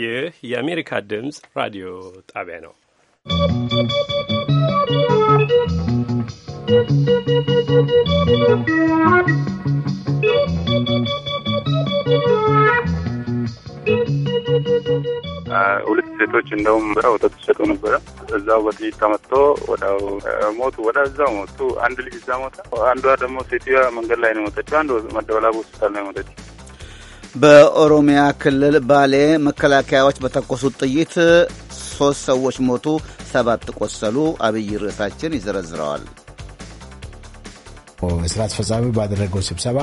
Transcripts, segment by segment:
ይህ የአሜሪካ ድምፅ ራዲዮ ጣቢያ ነው። ሁለት ሴቶች እንደውም ወተት ሰጡ ነበረ። እዛው በጥይት ተመትቶ ወዳው ሞቱ። ወዳ ወደዛው ሞቱ። አንድ ልጅ እዛ ሞታ፣ አንዷ ደግሞ ሴትዮዋ መንገድ ላይ ነው የሞተችው። አንድ መደበላቡ ሆስፒታል ነው የሞተችው። በኦሮሚያ ክልል ባሌ መከላከያዎች በተኮሱት ጥይት ሶስት ሰዎች ሞቱ፣ ሰባት ቆሰሉ። አብይ ርዕሳችን ይዘረዝረዋል። ስራ አስፈጻሚ ባደረገው ስብሰባ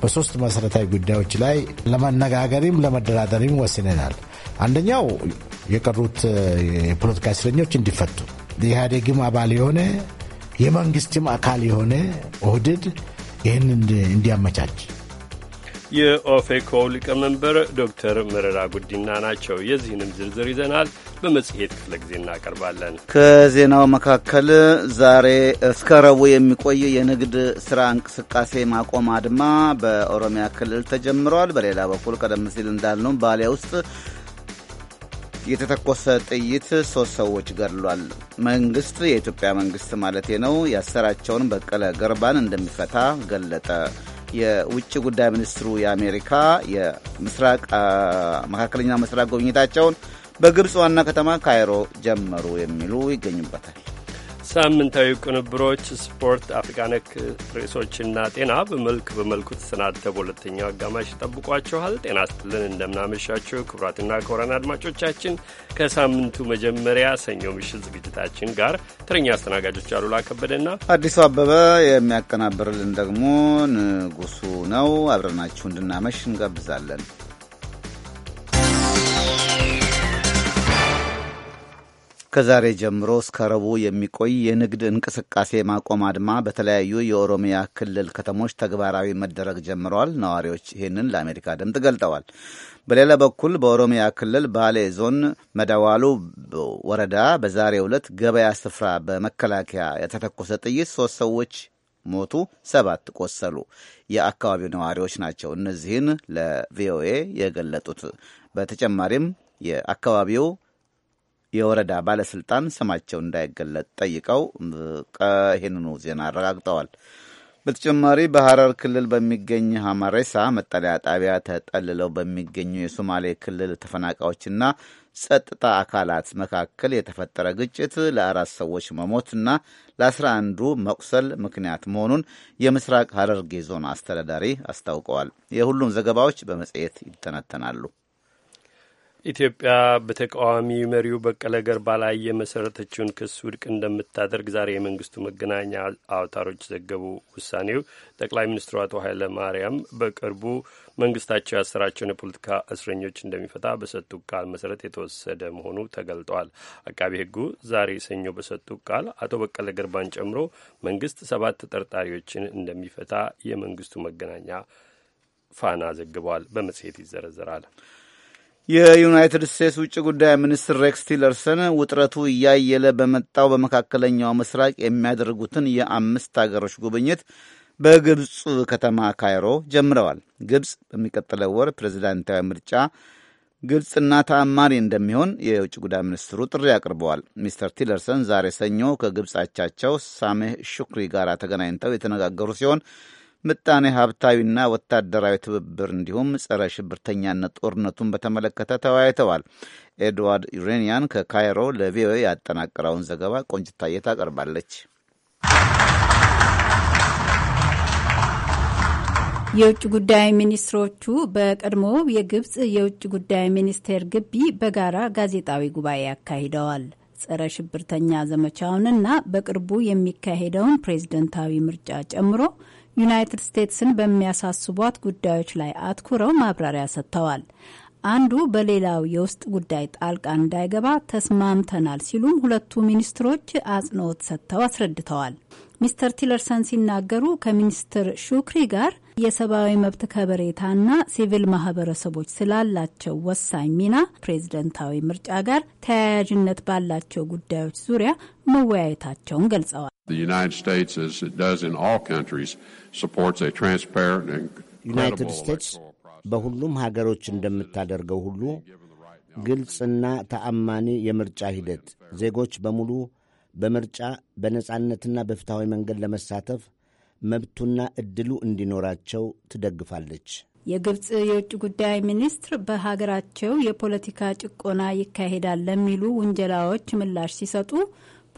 በሶስት መሰረታዊ ጉዳዮች ላይ ለመነጋገርም ለመደራደርም ወስነናል። አንደኛው የቀሩት የፖለቲካ እስረኞች እንዲፈቱ የኢህአዴግም አባል የሆነ የመንግስትም አካል የሆነ ኦህድድ ይህን እንዲያመቻች የኦፌኮ ሊቀመንበር ዶክተር መረራ ጉዲና ናቸው። የዚህንም ዝርዝር ይዘናል በመጽሔት ክፍለ ጊዜ እናቀርባለን። ከዜናው መካከል ዛሬ እስከ ረቡዕ የሚቆይ የንግድ ስራ እንቅስቃሴ ማቆም አድማ በኦሮሚያ ክልል ተጀምሯል። በሌላ በኩል ቀደም ሲል እንዳልነው ባሊያ ውስጥ የተተኮሰ ጥይት ሶስት ሰዎች ገድሏል። መንግስት የኢትዮጵያ መንግስት ማለቴ ነው ያሰራቸውን በቀለ ገርባን እንደሚፈታ ገለጠ። የውጭ ጉዳይ ሚኒስትሩ የአሜሪካ የምስራቅ መካከለኛ ምስራቅ ጉብኝታቸውን በግብፅ ዋና ከተማ ካይሮ ጀመሩ የሚሉ ይገኙበታል። ሳምንታዊ ቅንብሮች፣ ስፖርት፣ አፍሪካ ነክ ርዕሶችና ጤና በመልክ በመልኩ ተሰናድተው በሁለተኛው አጋማሽ ይጠብቋችኋል። ጤና ስትልን እንደምናመሻችሁ ክቡራትና ክቡራን አድማጮቻችን ከሳምንቱ መጀመሪያ ሰኞ ምሽት ዝግጅታችን ጋር ተረኛ አስተናጋጆች አሉላ ከበደና አዲሱ አበበ የሚያቀናብርልን ደግሞ ንጉሱ ነው። አብረናችሁ እንድናመሽ እንጋብዛለን። ከዛሬ ጀምሮ እስከ ረቡዕ የሚቆይ የንግድ እንቅስቃሴ ማቆም አድማ በተለያዩ የኦሮሚያ ክልል ከተሞች ተግባራዊ መደረግ ጀምረዋል። ነዋሪዎች ይህንን ለአሜሪካ ድምፅ ገልጠዋል። በሌላ በኩል በኦሮሚያ ክልል ባሌ ዞን መደዋሉ ወረዳ በዛሬ ዕለት ገበያ ስፍራ በመከላከያ የተተኮሰ ጥይት ሶስት ሰዎች ሞቱ፣ ሰባት ቆሰሉ የአካባቢው ነዋሪዎች ናቸው። እነዚህን ለቪኦኤ የገለጡት በተጨማሪም የአካባቢው የወረዳ ባለስልጣን ስማቸው እንዳይገለጥ ጠይቀው ይህንኑ ዜና አረጋግጠዋል። በተጨማሪ በሐረር ክልል በሚገኝ ሐማሬሳ መጠለያ ጣቢያ ተጠልለው በሚገኙ የሶማሌ ክልል ተፈናቃዮችና ጸጥታ አካላት መካከል የተፈጠረ ግጭት ለአራት ሰዎች መሞትና ለአስራ አንዱ መቁሰል ምክንያት መሆኑን የምስራቅ ሐረርጌ ዞን አስተዳዳሪ አስታውቀዋል። የሁሉም ዘገባዎች በመጽሔት ይተነተናሉ። ኢትዮጵያ በተቃዋሚ መሪው በቀለ ገርባ ላይ የመሰረተችውን ክስ ውድቅ እንደምታደርግ ዛሬ የመንግስቱ መገናኛ አውታሮች ዘገቡ። ውሳኔው ጠቅላይ ሚኒስትሩ አቶ ኃይለ ማርያም በቅርቡ መንግስታቸው ያሰራቸውን የፖለቲካ እስረኞች እንደሚፈታ በሰጡ ቃል መሰረት የተወሰደ መሆኑ ተገልጧል። አቃቢ ሕጉ ዛሬ ሰኞ በሰጡ ቃል አቶ በቀለ ገርባን ጨምሮ መንግስት ሰባት ተጠርጣሪዎችን እንደሚፈታ የመንግስቱ መገናኛ ፋና ዘግቧል። በመጽሔት ይዘረዘራል። የዩናይትድ ስቴትስ ውጭ ጉዳይ ሚኒስትር ሬክስ ቲለርሰን ውጥረቱ እያየለ በመጣው በመካከለኛው ምስራቅ የሚያደርጉትን የአምስት አገሮች ጉብኝት በግብፅ ከተማ ካይሮ ጀምረዋል። ግብፅ በሚቀጥለው ወር ፕሬዚዳንታዊ ምርጫ ግልጽና ተአማሪ እንደሚሆን የውጭ ጉዳይ ሚኒስትሩ ጥሪ አቅርበዋል። ሚስተር ቲለርሰን ዛሬ ሰኞ ከግብፅ አቻቸው ሳሜህ ሹክሪ ጋር ተገናኝተው የተነጋገሩ ሲሆን ምጣኔ ሀብታዊና ወታደራዊ ትብብር እንዲሁም ጸረ ሽብርተኛነት ጦርነቱን በተመለከተ ተወያይተዋል። ኤድዋርድ ዩሬኒያን ከካይሮ ለቪኦኤ ያጠናቀረውን ዘገባ ቆንጅታዬ ታቀርባለች። የውጭ ጉዳይ ሚኒስትሮቹ በቀድሞው የግብፅ የውጭ ጉዳይ ሚኒስቴር ግቢ በጋራ ጋዜጣዊ ጉባኤ አካሂደዋል። ጸረ ሽብርተኛ ዘመቻውንና በቅርቡ የሚካሄደውን ፕሬዝደንታዊ ምርጫ ጨምሮ ዩናይትድ ስቴትስን በሚያሳስቧት ጉዳዮች ላይ አትኩረው ማብራሪያ ሰጥተዋል። አንዱ በሌላው የውስጥ ጉዳይ ጣልቃ እንዳይገባ ተስማምተናል ሲሉም ሁለቱ ሚኒስትሮች አጽንኦት ሰጥተው አስረድተዋል። ሚስተር ቲለርሰን ሲናገሩ ከሚኒስትር ሹክሪ ጋር የሰብአዊ መብት ከበሬታና ሲቪል ማህበረሰቦች ስላላቸው ወሳኝ ሚና ፕሬዝደንታዊ ምርጫ ጋር ተያያዥነት ባላቸው ጉዳዮች ዙሪያ መወያየታቸውን ገልጸዋል። The United States, as it does in all countries, supports a transparent and ዩናይትድ ስቴትስ በሁሉም ሀገሮች እንደምታደርገው ሁሉ ግልጽና ተአማኒ የምርጫ ሂደት ዜጎች በሙሉ በምርጫ በነጻነትና በፍትሐዊ መንገድ ለመሳተፍ መብቱና እድሉ እንዲኖራቸው ትደግፋለች። የግብፅ የውጭ ጉዳይ ሚኒስትር በሀገራቸው የፖለቲካ ጭቆና ይካሄዳል ለሚሉ ውንጀላዎች ምላሽ ሲሰጡ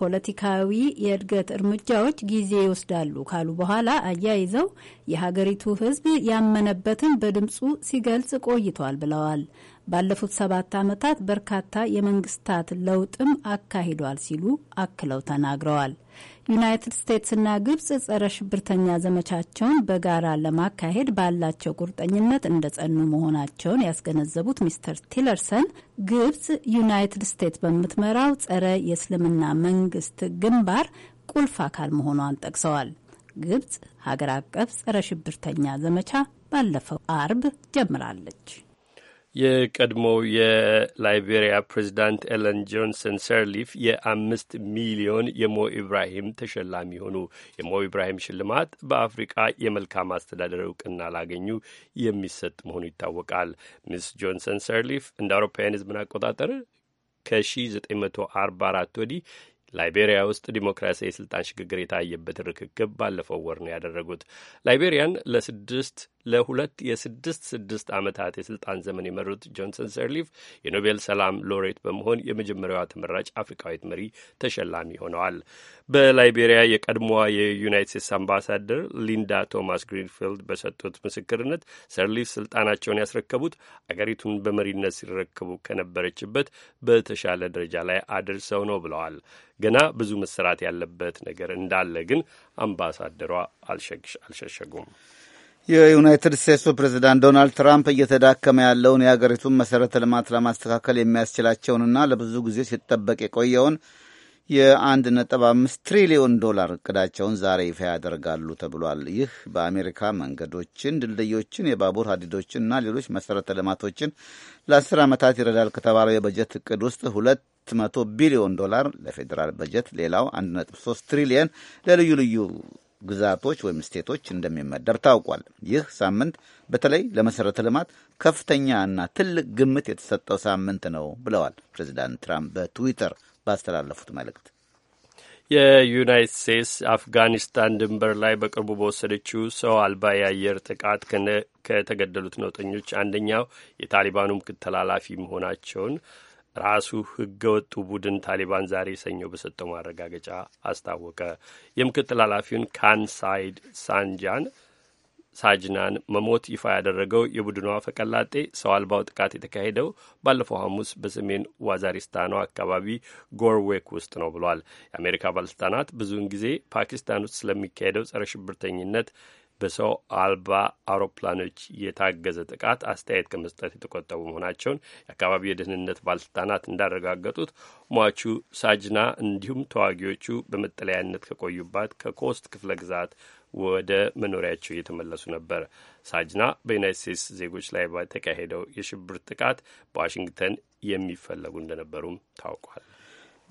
ፖለቲካዊ የእድገት እርምጃዎች ጊዜ ይወስዳሉ ካሉ በኋላ አያይዘው የሀገሪቱ ሕዝብ ያመነበትን በድምፁ ሲገልጽ ቆይቷል ብለዋል። ባለፉት ሰባት ዓመታት በርካታ የመንግስታት ለውጥም አካሂዷል ሲሉ አክለው ተናግረዋል። ዩናይትድ ስቴትስና ግብጽ ጸረ ሽብርተኛ ዘመቻቸውን በጋራ ለማካሄድ ባላቸው ቁርጠኝነት እንደጸኑ መሆናቸውን ያስገነዘቡት ሚስተር ቲለርሰን ግብጽ ዩናይትድ ስቴትስ በምትመራው ጸረ የእስልምና መንግስት ግንባር ቁልፍ አካል መሆኗን ጠቅሰዋል። ግብጽ ሀገር አቀፍ ጸረ ሽብርተኛ ዘመቻ ባለፈው አርብ ጀምራለች። የቀድሞው የላይቤሪያ ፕሬዚዳንት ኤለን ጆንሰን ሰርሊፍ የአምስት ሚሊዮን የሞ ኢብራሂም ተሸላሚ ሆኑ። የሞ ኢብራሂም ሽልማት በአፍሪቃ የመልካም አስተዳደር እውቅና ላገኙ የሚሰጥ መሆኑ ይታወቃል። ሚስ ጆንሰን ሰርሊፍ እንደ አውሮፓውያን ህዝብን አቆጣጠር ከ1944 ወዲህ ላይቤሪያ ውስጥ ዲሞክራሲያዊ የስልጣን ሽግግር የታየበትን ርክክብ ባለፈው ወር ነው ያደረጉት። ላይቤሪያን ለስድስት ለሁለት የስድስት ስድስት ዓመታት የስልጣን ዘመን የመሩት ጆንሰን ሰርሊፍ የኖቤል ሰላም ሎሬት በመሆን የመጀመሪያዋ ተመራጭ አፍሪካዊት መሪ ተሸላሚ ሆነዋል። በላይቤሪያ የቀድሞዋ የዩናይት ስቴትስ አምባሳደር ሊንዳ ቶማስ ግሪንፊልድ በሰጡት ምስክርነት ሰርሊፍ ስልጣናቸውን ያስረከቡት አገሪቱን በመሪነት ሲረከቡ ከነበረችበት በተሻለ ደረጃ ላይ አድርሰው ነው ብለዋል። ገና ብዙ መሰራት ያለበት ነገር እንዳለ ግን አምባሳደሯ አልሸሸጉም። የዩናይትድ ስቴትሱ ፕሬዚዳንት ዶናልድ ትራምፕ እየተዳከመ ያለውን የአገሪቱን መሠረተ ልማት ለማስተካከል የሚያስችላቸውንና ለብዙ ጊዜ ሲጠበቅ የቆየውን የአንድ ነጥብ አምስት ትሪሊዮን ዶላር እቅዳቸውን ዛሬ ይፋ ያደርጋሉ ተብሏል። ይህ በአሜሪካ መንገዶችን፣ ድልድዮችን፣ የባቡር ሀዲዶችን እና ሌሎች መሠረተ ልማቶችን ለአስር ዓመታት ይረዳል ከተባለው የበጀት እቅድ ውስጥ ሁለት መቶ ቢሊዮን ዶላር ለፌዴራል በጀት፣ ሌላው 1.3 ትሪሊየን ለልዩ ልዩ ግዛቶች ወይም ስቴቶች እንደሚመደብ ታውቋል። ይህ ሳምንት በተለይ ለመሠረተ ልማት ከፍተኛ እና ትልቅ ግምት የተሰጠው ሳምንት ነው ብለዋል ፕሬዚዳንት ትራምፕ በትዊተር ባስተላለፉት መልእክት። የዩናይትድ ስቴትስ አፍጋኒስታን ድንበር ላይ በቅርቡ በወሰደችው ሰው አልባ የአየር ጥቃት ከተገደሉት ነውጠኞች አንደኛው የታሊባኑ ምክትል ኃላፊ መሆናቸውን ራሱ ወጡ ቡድን ታሊባን ዛሬ ሰኞ በሰጠው ማረጋገጫ አስታወቀ። የምክትል ኃላፊውን ካንሳይድ ሳንጃን ሳጅናን መሞት ይፋ ያደረገው የቡድኗ ፈቀላጤ ሰው አልባው ጥቃት የተካሄደው ባለፈው ሐሙስ በሰሜን ዋዛሪስታኗ አካባቢ ጎርዌክ ውስጥ ነው ብሏል። የአሜሪካ ባለስልጣናት ብዙውን ጊዜ ፓኪስታን ውስጥ ስለሚካሄደው ጸረ ሽብርተኝነት በሰው አልባ አውሮፕላኖች የታገዘ ጥቃት አስተያየት ከመስጠት የተቆጠቡ መሆናቸውን የአካባቢ የደህንነት ባለስልጣናት እንዳረጋገጡት ሟቹ ሳጅና እንዲሁም ተዋጊዎቹ በመጠለያነት ከቆዩባት ከኮስት ክፍለ ግዛት ወደ መኖሪያቸው እየተመለሱ ነበር። ሳጅና በዩናይት ስቴትስ ዜጎች ላይ በተካሄደው የሽብር ጥቃት በዋሽንግተን የሚፈለጉ እንደነበሩም ታውቋል።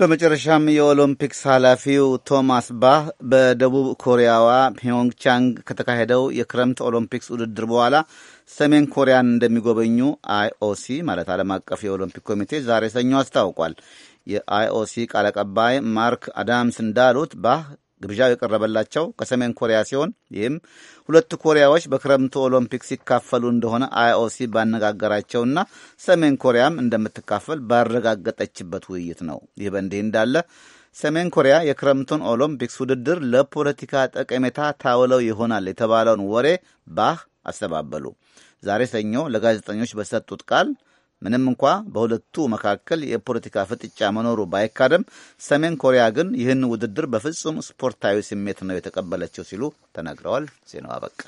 በመጨረሻም የኦሎምፒክስ ኃላፊው ቶማስ ባህ በደቡብ ኮሪያዋ ፒዮንግቻንግ ከተካሄደው የክረምት ኦሎምፒክስ ውድድር በኋላ ሰሜን ኮሪያን እንደሚጎበኙ አይኦሲ ማለት ዓለም አቀፍ የኦሎምፒክ ኮሚቴ ዛሬ ሰኞ አስታውቋል። የአይኦሲ ቃል አቀባይ ማርክ አዳምስ እንዳሉት ባህ ግብዣው የቀረበላቸው ከሰሜን ኮሪያ ሲሆን ይህም ሁለቱ ኮሪያዎች በክረምቱ ኦሎምፒክ ሲካፈሉ እንደሆነ አይኦሲ ባነጋገራቸውና ሰሜን ኮሪያም እንደምትካፈል ባረጋገጠችበት ውይይት ነው። ይህ በእንዲህ እንዳለ ሰሜን ኮሪያ የክረምቱን ኦሎምፒክስ ውድድር ለፖለቲካ ጠቀሜታ ታውለው ይሆናል የተባለውን ወሬ ባህ አስተባበሉ። ዛሬ ሰኞ ለጋዜጠኞች በሰጡት ቃል ምንም እንኳ በሁለቱ መካከል የፖለቲካ ፍጥጫ መኖሩ ባይካደም ሰሜን ኮሪያ ግን ይህን ውድድር በፍጹም ስፖርታዊ ስሜት ነው የተቀበለችው ሲሉ ተናግረዋል። ዜናው አበቃ።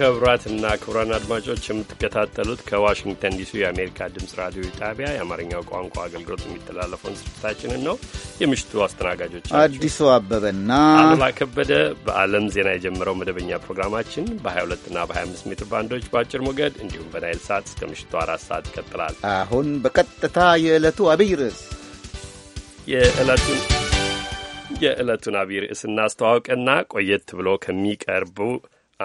ክቡራትና ክቡራን አድማጮች የምትከታተሉት ከዋሽንግተን ዲሲ የአሜሪካ ድምፅ ራዲዮ ጣቢያ የአማርኛው ቋንቋ አገልግሎት የሚተላለፈውን ስርጭታችንን ነው። የምሽቱ አስተናጋጆች አዲሱ አበበና አሉላ ከበደ። በዓለም ዜና የጀመረው መደበኛ ፕሮግራማችን በ22ና በ25 ሜትር ባንዶች በአጭር ሞገድ እንዲሁም በናይል ሰዓት እስከ ምሽቱ አራት ሰዓት ይቀጥላል። አሁን በቀጥታ የዕለቱ አብይ ርዕስ የዕለቱን የዕለቱን አብይ ርዕስ እናስተዋውቅና ቆየት ብሎ ከሚቀርቡ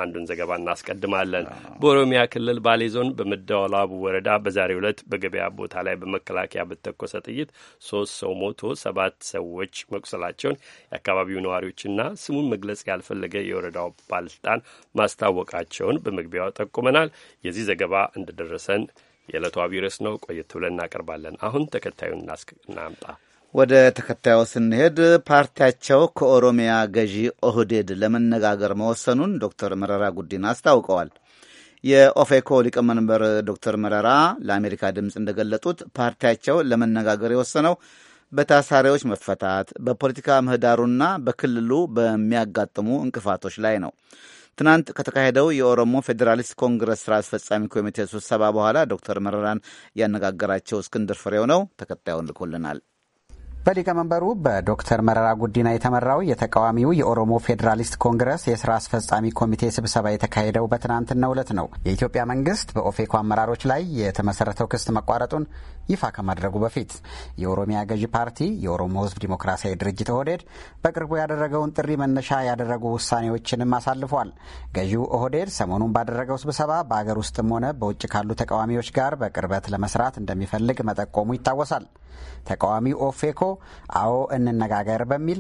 አንዱን ዘገባ እናስቀድማለን። በኦሮሚያ ክልል ባሌ ዞን በመደወላቡ ወረዳ በዛሬው ዕለት በገበያ ቦታ ላይ በመከላከያ በተኮሰ ጥይት ሶስት ሰው ሞቶ ሰባት ሰዎች መቁሰላቸውን የአካባቢው ነዋሪዎችና ስሙን መግለጽ ያልፈለገ የወረዳው ባለስልጣን ማስታወቃቸውን በመግቢያው ጠቁመናል። የዚህ ዘገባ እንደደረሰን የዕለቱ አቢይ ርዕስ ነው። ቆየት ብለን እናቀርባለን። አሁን ተከታዩን እናምጣ። ወደ ተከታዩ ስንሄድ ፓርቲያቸው ከኦሮሚያ ገዢ ኦህዴድ ለመነጋገር መወሰኑን ዶክተር መረራ ጉዲና አስታውቀዋል። የኦፌኮ ሊቀመንበር ዶክተር መረራ ለአሜሪካ ድምፅ እንደገለጡት ፓርቲያቸው ለመነጋገር የወሰነው በታሳሪዎች መፈታት፣ በፖለቲካ ምህዳሩና በክልሉ በሚያጋጥሙ እንቅፋቶች ላይ ነው። ትናንት ከተካሄደው የኦሮሞ ፌዴራሊስት ኮንግረስ ስራ አስፈጻሚ ኮሚቴ ስብሰባ በኋላ ዶክተር መረራን ያነጋገራቸው እስክንድር ፍሬው ነው። ተከታዩን ልኮልናል። በሊቀመንበሩ በዶክተር መረራ ጉዲና የተመራው የተቃዋሚው የኦሮሞ ፌዴራሊስት ኮንግረስ የስራ አስፈጻሚ ኮሚቴ ስብሰባ የተካሄደው በትናንትናው እለት ነው። የኢትዮጵያ መንግስት በኦፌኮ አመራሮች ላይ የተመሰረተው ክስ መቋረጡን ይፋ ከማድረጉ በፊት የኦሮሚያ ገዢ ፓርቲ የኦሮሞ ህዝብ ዲሞክራሲያዊ ድርጅት ኦህዴድ በቅርቡ ያደረገውን ጥሪ መነሻ ያደረጉ ውሳኔዎችንም አሳልፏል። ገዢው ኦህዴድ ሰሞኑን ባደረገው ስብሰባ በአገር ውስጥም ሆነ በውጭ ካሉ ተቃዋሚዎች ጋር በቅርበት ለመስራት እንደሚፈልግ መጠቆሙ ይታወሳል። ተቃዋሚው ኦፌኮ አዎ እንነጋገር በሚል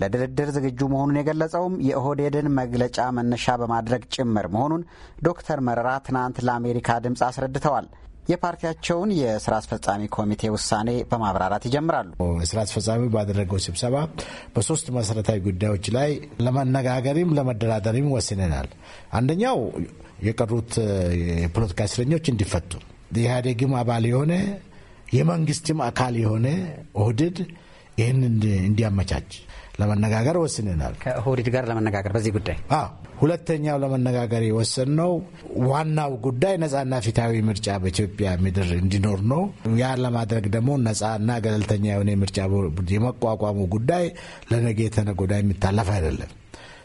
ለድርድር ዝግጁ መሆኑን የገለጸውም የኦህዴድን መግለጫ መነሻ በማድረግ ጭምር መሆኑን ዶክተር መረራ ትናንት ለአሜሪካ ድምፅ አስረድተዋል። የፓርቲያቸውን የስራ አስፈጻሚ ኮሚቴ ውሳኔ በማብራራት ይጀምራሉ። ስራ አስፈጻሚ ባደረገው ስብሰባ በሶስት መሰረታዊ ጉዳዮች ላይ ለመነጋገርም ለመደራደርም ወስነናል። አንደኛው የቀሩት የፖለቲካ እስረኞች እንዲፈቱ የኢህአዴግም አባል የሆነ የመንግስትም አካል የሆነ ኦህድድ ይህን እንዲያመቻች ለመነጋገር ወስንናል። ከኦህድድ ጋር ለመነጋገር በዚህ ጉዳይ ሁለተኛው ለመነጋገር የወሰንነው ዋናው ጉዳይ ነጻና ፊታዊ ምርጫ በኢትዮጵያ ምድር እንዲኖር ነው። ያ ለማድረግ ደግሞ ነጻና ገለልተኛ የሆነ ምርጫ የመቋቋሙ ጉዳይ ለነገ ተነጎዳ የሚታለፍ አይደለም።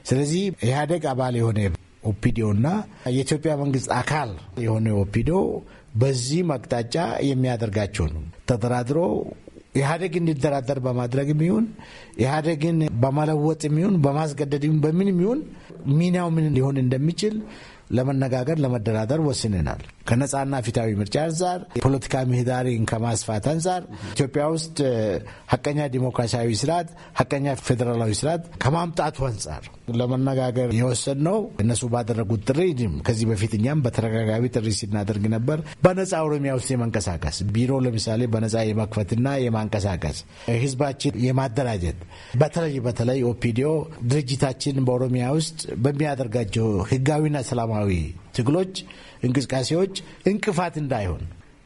ስለዚህ ኢህአዴግ አባል የሆነ ኦፒዲዮ እና የኢትዮጵያ መንግስት አካል የሆነ ኦፒዲዮ በዚህ መቅጣጫ የሚያደርጋቸው ነው። ተደራድሮ ኢህአዴግ እንዲደራደር በማድረግ የሚሆን ኢህአዴግን በመለወጥ የሚሆን በማስገደድ ይሁን በምን የሚሆን ሚናው ምን ሊሆን እንደሚችል ለመነጋገር ለመደራደር ወስንናል። ከነጻና ፊታዊ ምርጫ አንጻር የፖለቲካ ምህዳሪን ከማስፋት አንጻር ኢትዮጵያ ውስጥ ሀቀኛ ዲሞክራሲያዊ ስርዓት፣ ሀቀኛ ፌዴራላዊ ስርዓት ከማምጣቱ አንጻር ለመነጋገር ነው እነሱ ባደረጉት ጥሪ ከዚህ በፊት እኛም በተደጋጋሚ ጥሪ ስናደርግ ነበር። በነጻ ኦሮሚያ ውስጥ የመንቀሳቀስ ቢሮ ለምሳሌ በነጻ የመክፈትና የማንቀሳቀስ ህዝባችን የማደራጀት በተለይ በተለይ ኦፒዲዮ ድርጅታችን በኦሮሚያ ውስጥ በሚያደርጋቸው ህጋዊና ሰላማዊ ትግሎች፣ እንቅስቃሴዎች እንቅፋት እንዳይሆን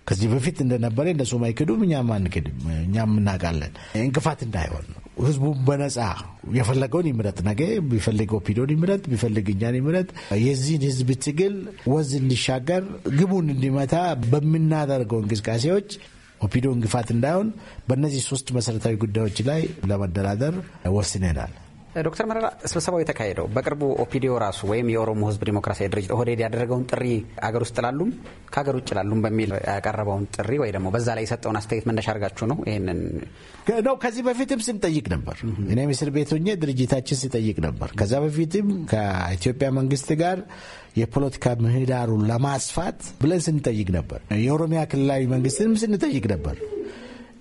ከዚህ በፊት እንደነበረ እነሱም አይክዱም፣ እኛም አንክድም፣ እኛም እናውቃለን። እንቅፋት እንዳይሆን ህዝቡም በነጻ የፈለገውን ይምረጥ። ነገ ቢፈልግ ኦፒዶን ይምረጥ፣ ቢፈልግ እኛን ይምረጥ። የዚህን ህዝብ ትግል ወዝ እንዲሻገር ግቡን እንዲመታ በምናደርገው እንቅስቃሴዎች ኦፒዶ እንቅፋት እንዳይሆን በእነዚህ ሶስት መሰረታዊ ጉዳዮች ላይ ለመደራደር ወስነናል። ዶክተር መረራ ስብሰባው የተካሄደው በቅርቡ ኦፒዲዮ ራሱ ወይም የኦሮሞ ህዝብ ዲሞክራሲያዊ ድርጅት ኦህዴድ ያደረገውን ጥሪ አገር ውስጥ ላሉም ከሀገር ውጭ ላሉም በሚል ያቀረበውን ጥሪ ወይ ደግሞ በዛ ላይ የሰጠውን አስተያየት መነሻ አድርጋችሁ ነው ይህንን ነው። ከዚህ በፊትም ስንጠይቅ ነበር። እኔም እስር ቤት ሆኜ ድርጅታችን ሲጠይቅ ነበር። ከዛ በፊትም ከኢትዮጵያ መንግስት ጋር የፖለቲካ ምህዳሩን ለማስፋት ብለን ስንጠይቅ ነበር። የኦሮሚያ ክልላዊ መንግስትንም ስንጠይቅ ነበር።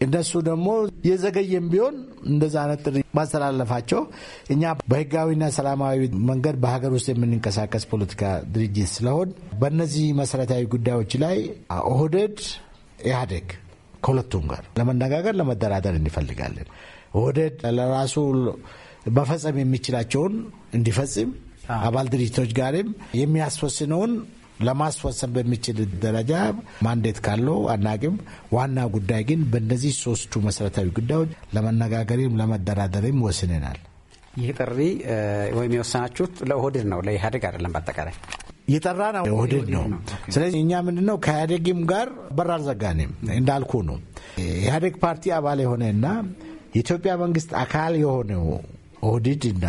እነሱ ደግሞ የዘገየም ቢሆን እንደዛ አይነት ጥሪ ማስተላለፋቸው እኛ በህጋዊና ሰላማዊ መንገድ በሀገር ውስጥ የምንንቀሳቀስ ፖለቲካ ድርጅት ስለሆን በእነዚህ መሰረታዊ ጉዳዮች ላይ ኦህደድ፣ ኢህአዴግ ከሁለቱም ጋር ለመነጋገር ለመደራደር እንፈልጋለን። ኦህደድ ለራሱ መፈጸም የሚችላቸውን እንዲፈጽም አባል ድርጅቶች ጋርም የሚያስወስነውን ለማስወሰን በሚችል ደረጃ ማንዴት ካለው አናቅም። ዋና ጉዳይ ግን በእነዚህ ሶስቱ መሰረታዊ ጉዳዮች ለመነጋገርም ለመደራደርም ወስነናል። ይህ ጥሪ ወይም የወሰናችሁት ለኦህዴድ ነው፣ ለኢህአዴግ አይደለም። በአጠቃላይ የጠራ ነው ኦህዴድ ነው። ስለዚህ እኛ ምንድነው ከኢህአዴግም ጋር በር አልዘጋንም። እንዳልኩ ነው ኢህአዴግ ፓርቲ አባል የሆነና የኢትዮጵያ መንግስት አካል የሆነው ኦህዴድ እና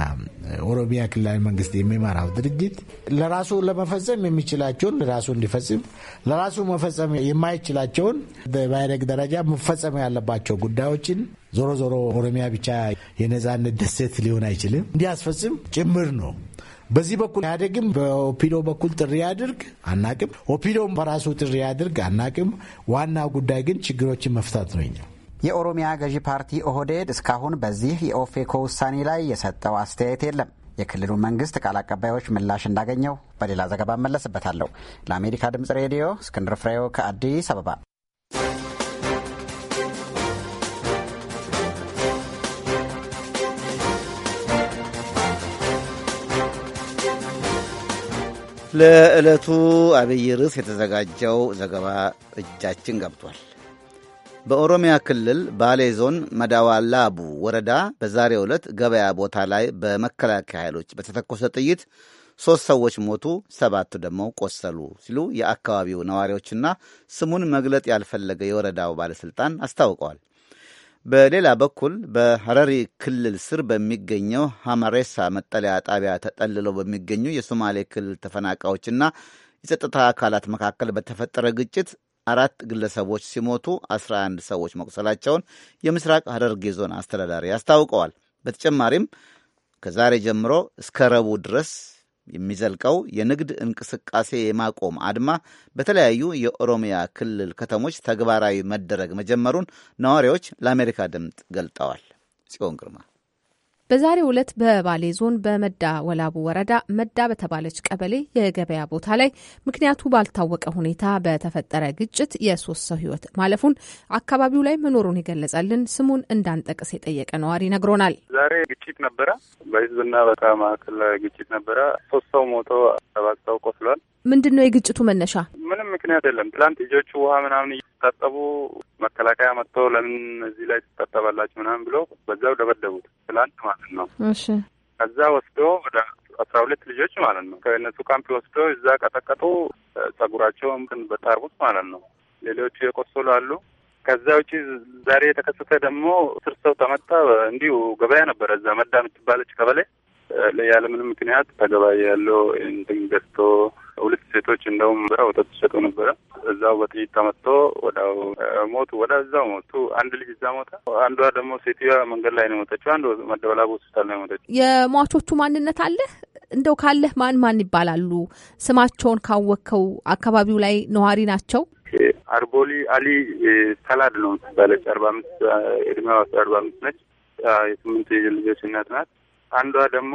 ኦሮሚያ ክልላዊ መንግስት የሚመራው ድርጅት ለራሱ ለመፈጸም የሚችላቸውን ለራሱ እንዲፈጽም፣ ለራሱ መፈጸም የማይችላቸውን በማይረግ ደረጃ መፈጸም ያለባቸው ጉዳዮችን ዞሮ ዞሮ ኦሮሚያ ብቻ የነጻነት ደሴት ሊሆን አይችልም እንዲያስፈጽም ጭምር ነው። በዚህ በኩል ኢህአዴግም በኦፒዶ በኩል ጥሪ ያድርግ አናቅም፣ ኦፒዶም በራሱ ጥሪ ያድርግ አናቅም። ዋናው ጉዳይ ግን ችግሮችን መፍታት ነው። የኦሮሚያ ገዢ ፓርቲ ኦህዴድ እስካሁን በዚህ የኦፌኮ ውሳኔ ላይ የሰጠው አስተያየት የለም። የክልሉ መንግስት ቃል አቀባዮች ምላሽ እንዳገኘው በሌላ ዘገባ እመለስበታለሁ። ለአሜሪካ ድምፅ ሬዲዮ እስክንድር ፍሬው ከአዲስ አበባ። ለዕለቱ አብይ ርዕስ የተዘጋጀው ዘገባ እጃችን ገብቷል። በኦሮሚያ ክልል ባሌ ዞን መዳዋላቡ ወረዳ በዛሬ ዕለት ገበያ ቦታ ላይ በመከላከያ ኃይሎች በተተኮሰ ጥይት ሦስት ሰዎች ሞቱ፣ ሰባቱ ደግሞ ቆሰሉ ሲሉ የአካባቢው ነዋሪዎችና ስሙን መግለጥ ያልፈለገ የወረዳው ባለሥልጣን አስታውቀዋል። በሌላ በኩል በሐረሪ ክልል ስር በሚገኘው ሐማሬሳ መጠለያ ጣቢያ ተጠልለው በሚገኙ የሶማሌ ክልል ተፈናቃዮችና የጸጥታ አካላት መካከል በተፈጠረ ግጭት አራት ግለሰቦች ሲሞቱ 11 ሰዎች መቁሰላቸውን የምስራቅ ሐረርጌ ዞን አስተዳዳሪ አስታውቀዋል። በተጨማሪም ከዛሬ ጀምሮ እስከ ረቡዕ ድረስ የሚዘልቀው የንግድ እንቅስቃሴ የማቆም አድማ በተለያዩ የኦሮሚያ ክልል ከተሞች ተግባራዊ መደረግ መጀመሩን ነዋሪዎች ለአሜሪካ ድምፅ ገልጠዋል። ጽዮን ግርማ በዛሬው ዕለት በባሌ ዞን በመዳ ወላቡ ወረዳ መዳ በተባለች ቀበሌ የገበያ ቦታ ላይ ምክንያቱ ባልታወቀ ሁኔታ በተፈጠረ ግጭት የሶስት ሰው ሕይወት ማለፉን አካባቢው ላይ መኖሩን የገለጸልን ስሙን እንዳንጠቅስ የጠየቀ ነዋሪ ነግሮናል። ዛሬ ግጭት ነበረ። በህዝብና በታ መካከል ግጭት ነበረ። ሶስት ሰው ሞቶ ሰባት ሰው ቆስሏል። ምንድን ነው የግጭቱ መነሻ? ምንም ምክንያት የለም። ትላንት ልጆቹ ውሃ ምናምን እየተታጠቡ መከላከያ መጥቶ ለምን እዚህ ላይ ትታጠባላችሁ ምናምን ብሎ በዛው ደበደቡት። ትላንት ማለት ነው። እሺ ከዛ ወስዶ ወደ አስራ ሁለት ልጆች ማለት ነው ከእነሱ ካምፕ ወስዶ እዛ ቀጠቀጡ። ጸጉራቸውም በጠርሙስ ማለት ነው። ሌሎቹ የቆሰሉ አሉ። ከዛ ውጪ ዛሬ የተከሰተ ደግሞ ስር ሰው ተመጣ። እንዲሁ ገበያ ነበረ እዛ መዳ የምትባለች ቀበሌ ያለምንም ምክንያት ተገባይ ያለው እንትን ገዝቶ ሁለት ሴቶች እንደውም ወተት ሲሸጡ ነበረ። እዛው በጥይት ተመቶ ወዳው ሞቱ። ወዳ እዛው ሞቱ። አንድ ልጅ እዛ ሞታ፣ አንዷ ደግሞ ሴትዮዋ መንገድ ላይ ነው የሞተችው። አንዱ መደበላ ሆስፒታል ነው የሞተችው። የሟቾቹ ማንነት አለ እንደው ካለህ ማን ማን ይባላሉ? ስማቸውን ካወቅከው አካባቢው ላይ ነዋሪ ናቸው? አርቦሊ አሊ ሰላድ ነው ባለች አርባ አምስት እድሜዋ አርባ አምስት ነች። የስምንት ልጆች እናት ናት። አንዷ ደግሞ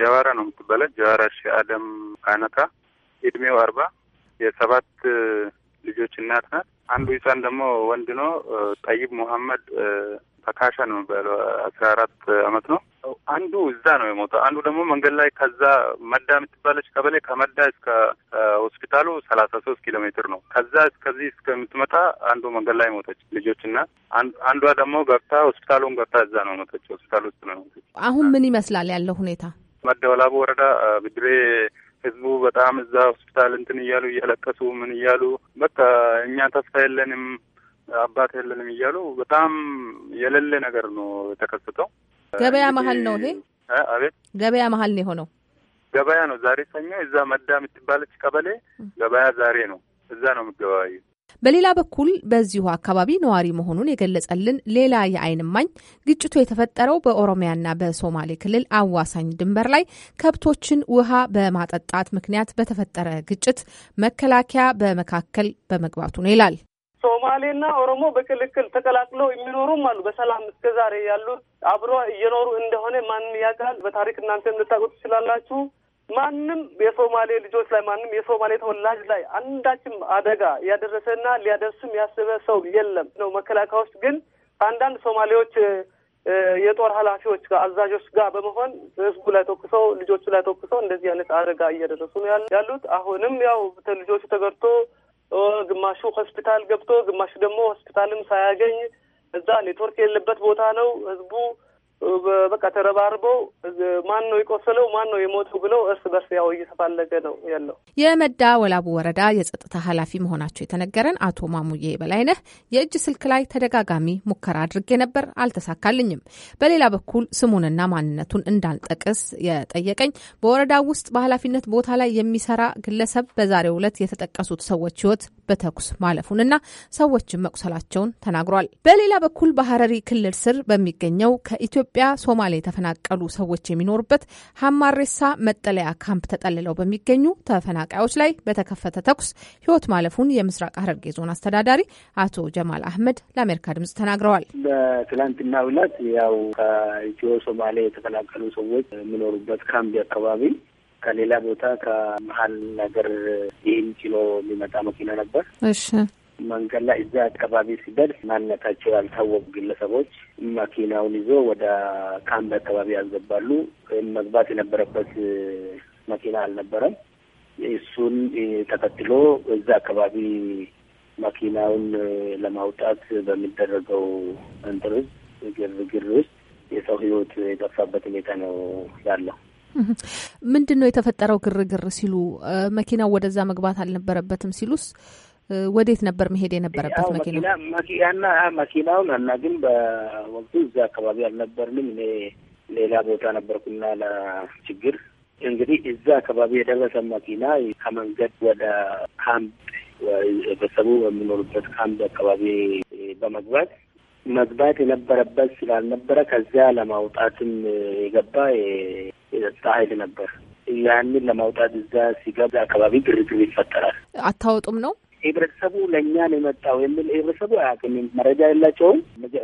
ጀዋራ ነው የምትባለው። ጀዋራ ሺ አደም ካነካ እድሜው አርባ የሰባት ልጆች እናት ናት። አንዱ ህፃን ደግሞ ወንድ ነው። ጠይብ ሙሐመድ ተካሻ ነው የሚባለው አስራ አራት አመት ነው። አንዱ እዛ ነው የሞተው። አንዱ ደግሞ መንገድ ላይ ከዛ መዳ የምትባለች ቀበሌ ከመዳ እስከ ሆስፒታሉ ሰላሳ ሶስት ኪሎ ሜትር ነው። ከዛ እስከዚህ እስከምትመጣ አንዱ መንገድ ላይ ሞተች ልጆችና አንዷ ደግሞ ገብታ ሆስፒታሉን ገብታ እዛ ነው ሞተች። ሆስፒታል ውስጥ ነው ሞተች። አሁን ምን ይመስላል ያለው ሁኔታ? መደወላቡ ወረዳ ብድሬ ህዝቡ በጣም እዛ ሆስፒታል እንትን እያሉ እያለቀሱ ምን እያሉ በቃ እኛ ተስፋ የለንም አባት የለንም እያሉ በጣም የሌለ ነገር ነው የተከሰተው። ገበያ መሀል ነው ይሄ። አቤት ገበያ መሀል ነው የሆነው። ገበያ ነው ዛሬ ሰኞ። እዛ መዳ የምትባለች ቀበሌ ገበያ ዛሬ ነው። እዛ ነው የምገበያዩ። በሌላ በኩል በዚሁ አካባቢ ነዋሪ መሆኑን የገለጸልን ሌላ የአይን እማኝ ግጭቱ የተፈጠረው በኦሮሚያና በሶማሌ ክልል አዋሳኝ ድንበር ላይ ከብቶችን ውሃ በማጠጣት ምክንያት በተፈጠረ ግጭት መከላከያ በመካከል በመግባቱ ነው ይላል። ሶማሌና ኦሮሞ በክልክል ተቀላቅለው የሚኖሩም አሉ። በሰላም እስከ ዛሬ ያሉት አብሮ እየኖሩ እንደሆነ ማንም ያውቃል። በታሪክ እናንተ ልታውቁት ትችላላችሁ። ማንም የሶማሌ ልጆች ላይ ማንም የሶማሌ ተወላጅ ላይ አንዳችም አደጋ ያደረሰና ሊያደርስም ያስበ ሰው የለም ነው። መከላከያዎች ግን አንዳንድ ሶማሌዎች የጦር ኃላፊዎች ጋር አዛዦች ጋር በመሆን ህዝቡ ላይ ተኩሰው ልጆቹ ላይ ተኩሰው እንደዚህ አይነት አደጋ እያደረሱ ነው ያሉት። አሁንም ያው ልጆቹ ተገርቶ ግማሹ ሆስፒታል ገብቶ ግማሹ ደግሞ ሆስፒታልም ሳያገኝ እዛ ኔትወርክ የሌለበት ቦታ ነው ህዝቡ በቃ ተረባርበው ማን ነው የቆሰለው ማን ነው የሞተው ብለው እርስ በርስ ያው እየተፋለገ ነው ያለው። የመዳ ወላቡ ወረዳ የጸጥታ ኃላፊ መሆናቸው የተነገረን አቶ ማሙዬ በላይነህ የእጅ ስልክ ላይ ተደጋጋሚ ሙከራ አድርጌ ነበር፣ አልተሳካልኝም። በሌላ በኩል ስሙንና ማንነቱን እንዳልጠቅስ የጠየቀኝ በወረዳው ውስጥ በኃላፊነት ቦታ ላይ የሚሰራ ግለሰብ በዛሬው ዕለት የተጠቀሱት ሰዎች ህይወት በተኩስ ማለፉንና ሰዎችን መቁሰላቸውን ተናግሯል። በሌላ በኩል በሀረሪ ክልል ስር በሚገኘው ከኢትዮ ከኢትዮጵያ ሶማሌ የተፈናቀሉ ሰዎች የሚኖሩበት ሀማሬሳ መጠለያ ካምፕ ተጠልለው በሚገኙ ተፈናቃዮች ላይ በተከፈተ ተኩስ ሕይወት ማለፉን የምስራቅ ሐረርጌ ዞን አስተዳዳሪ አቶ ጀማል አህመድ ለአሜሪካ ድምጽ ተናግረዋል። በትላንትና ዕለት ያው ከኢትዮ ሶማሌ የተፈናቀሉ ሰዎች የሚኖሩበት ካምፕ አካባቢ ከሌላ ቦታ ከመሀል ነገር ይህን ኪሎ የሚመጣ መኪና ነበር። እሺ መንገድ ላይ እዛ አካባቢ ሲደርስ ማንነታቸው ያልታወቁ ግለሰቦች መኪናውን ይዞ ወደ ካምፕ አካባቢ ያስገባሉ። መግባት የነበረበት መኪና አልነበረም። እሱን ተከትሎ እዛ አካባቢ መኪናውን ለማውጣት በሚደረገው እንትርዝ ግርግር ውስጥ የሰው ሕይወት የጠፋበት ሁኔታ ነው ያለው። ምንድን ነው የተፈጠረው ግርግር ሲሉ መኪናው ወደዛ መግባት አልነበረበትም ሲሉስ ወዴት ነበር መሄድ የነበረበት መኪና? መኪና መኪናውን ግን በወቅቱ እዚያ አካባቢ አልነበርንም። እኔ ሌላ ቦታ ነበርኩና ለችግር እንግዲህ እዛ አካባቢ የደረሰ መኪና ከመንገድ ወደ ካምፕ ቤተሰቡ በሚኖሩበት ካምፕ አካባቢ በመግባት መግባት የነበረበት ስላልነበረ ከዚያ ለማውጣትም የገባ የጸጥታ ኃይል ነበር። ያንን ለማውጣት እዛ ሲገባ አካባቢ ግርግር ይፈጠራል። አታወጡም ነው ህብረተሰቡ ለእኛ ነው የመጣው የሚል ህብረተሰቡ አያውቅም፣ መረጃ የላቸውም።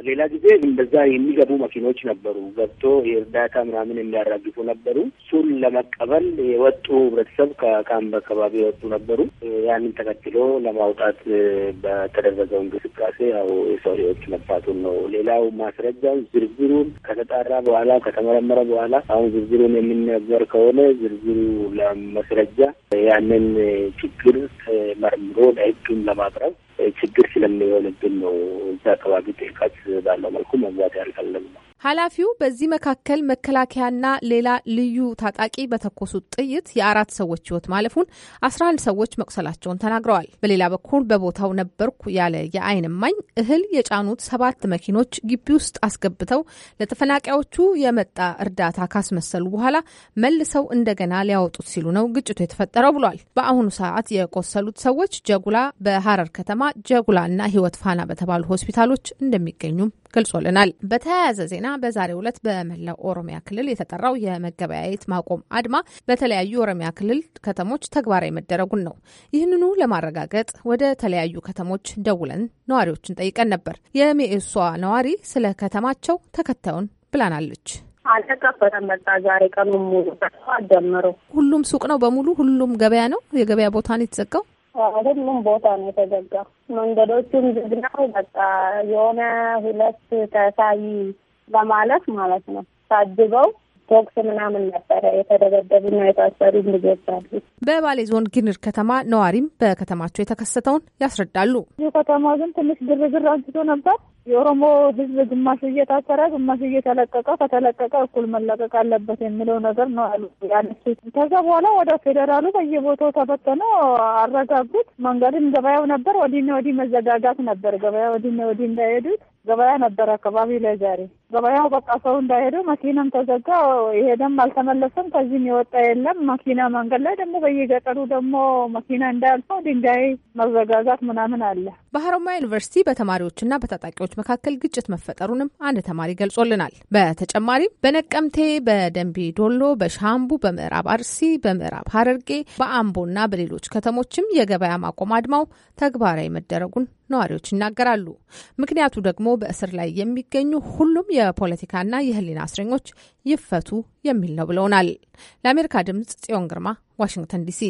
ሌላ ጊዜ እንደዛ የሚገቡ መኪኖች ነበሩ፣ ገብቶ የእርዳታ ምናምን የሚያራግፉ ነበሩ። እሱን ለመቀበል የወጡ ህብረተሰብ ከካምፕ አካባቢ የወጡ ነበሩ። ያንን ተከትሎ ለማውጣት በተደረገው እንቅስቃሴ ያው የሰው ህይወት መጥፋቱን ነው። ሌላው ማስረጃውን ዝርዝሩን ከተጣራ በኋላ ከተመረመረ በኋላ አሁን ዝርዝሩን የምንነገር ከሆነ ዝርዝሩ ለመስረጃ ያንን ችግር መርምሮ ህጉን ለማቅረብ ችግር ስለሚሆንብን ነው። እዛ አካባቢ ጥልቀት ባለው መልኩ መግባት ያልፈለግነው ኃላፊው በዚህ መካከል መከላከያና ሌላ ልዩ ታጣቂ በተኮሱት ጥይት የአራት ሰዎች ሕይወት ማለፉን፣ 11 ሰዎች መቁሰላቸውን ተናግረዋል። በሌላ በኩል በቦታው ነበርኩ ያለ የአይን እማኝ እህል የጫኑት ሰባት መኪኖች ግቢ ውስጥ አስገብተው ለተፈናቃዮቹ የመጣ እርዳታ ካስመሰሉ በኋላ መልሰው እንደገና ሊያወጡት ሲሉ ነው ግጭቱ የተፈጠረው ብሏል። በአሁኑ ሰዓት የቆሰሉት ሰዎች ጀጉላ፣ በሐረር ከተማ ጀጉላ እና ሕይወት ፋና በተባሉ ሆስፒታሎች እንደሚገኙም ገልጾልናል። በተያያዘ ዜና በዛሬው ዕለት በመላው ኦሮሚያ ክልል የተጠራው የመገበያየት ማቆም አድማ በተለያዩ ኦሮሚያ ክልል ከተሞች ተግባራዊ መደረጉን ነው። ይህንኑ ለማረጋገጥ ወደ ተለያዩ ከተሞች ደውለን ነዋሪዎችን ጠይቀን ነበር። የሜኤሷ ነዋሪ ስለ ከተማቸው ተከታዩን ብላናለች። አልተከፈተም። በቃ ዛሬ ሙሉ አደምሮ ሁሉም ሱቅ ነው በሙሉ ሁሉም ገበያ ነው። የገበያ ቦታ ነው የተዘጋው ሁሉም ቦታ ነው የተዘጋው። መንገዶቹም ዝግ ነው። በቃ የሆነ ሁለት ተሳይ ለማለት ማለት ነው ታድገው ቦክስ ምናምን ነበረ የተደበደቡና የታሰሩ ልጆች አሉ። በባሌ ዞን ግንር ከተማ ነዋሪም በከተማቸው የተከሰተውን ያስረዳሉ። ከተማ ግን ትንሽ ግርግር አንስቶ ነበር። የኦሮሞ ህዝብ ግማሽ እየታሰረ ግማሽ እየተለቀቀ ከተለቀቀ እኩል መለቀቅ አለበት የሚለው ነገር ነው አሉ ያነሱት። ከዛ በኋላ ወደ ፌዴራሉ በየቦታው ተበተነ፣ አረጋጉት። መንገድም ገበያው ነበር፣ ወዲህ ወዲህ መዘጋጋት ነበር። ገበያ ወዲህ ወዲህ እንዳይሄዱት ገበያ ነበር አካባቢ ላይ ዛሬ ገበያው በቃ ሰው እንዳይሄደው መኪናም ተዘጋ፣ የሄደም አልተመለሰም። ከዚህም የወጣ የለም መኪና መንገድ ላይ ደግሞ በየገጠሩ ደግሞ መኪና እንዳያልፈው ድንጋይ መዘጋጋት ምናምን አለ። በሀረማያ ዩኒቨርሲቲ በተማሪዎችና በታጣቂዎች መካከል ግጭት መፈጠሩንም አንድ ተማሪ ገልጾልናል። በተጨማሪም በነቀምቴ፣ በደንቢ ዶሎ፣ በሻምቡ፣ በምዕራብ አርሲ፣ በምዕራብ ሀረርጌ በአምቦና በሌሎች ከተሞችም የገበያ ማቆም አድማው ተግባራዊ መደረጉን ነዋሪዎች ይናገራሉ። ምክንያቱ ደግሞ በእስር ላይ የሚገኙ ሁሉም የፖለቲካና የሕሊና እስረኞች ይፈቱ የሚል ነው ብለውናል። ለአሜሪካ ድምጽ ጽዮን ግርማ ዋሽንግተን ዲሲ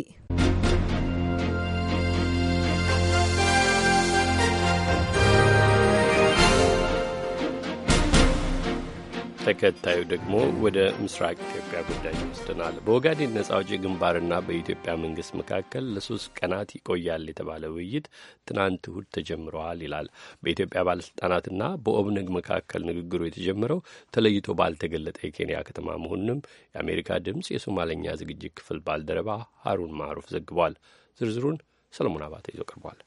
ተከታዩ ደግሞ ወደ ምስራቅ ኢትዮጵያ ጉዳይ ይወስደናል። በኦጋዴን ነጻ አውጪ ግንባርና በኢትዮጵያ መንግስት መካከል ለሶስት ቀናት ይቆያል የተባለ ውይይት ትናንት እሁድ ተጀምረዋል ይላል። በኢትዮጵያ ባለስልጣናትና በኦብነግ መካከል ንግግሩ የተጀመረው ተለይቶ ባልተገለጠ የኬንያ ከተማ መሆኑንም የአሜሪካ ድምፅ የሶማለኛ ዝግጅት ክፍል ባልደረባ ሀሩን ማሩፍ ዘግቧል። ዝርዝሩን ሰለሞን አባተ ይዞ ቀርቧል።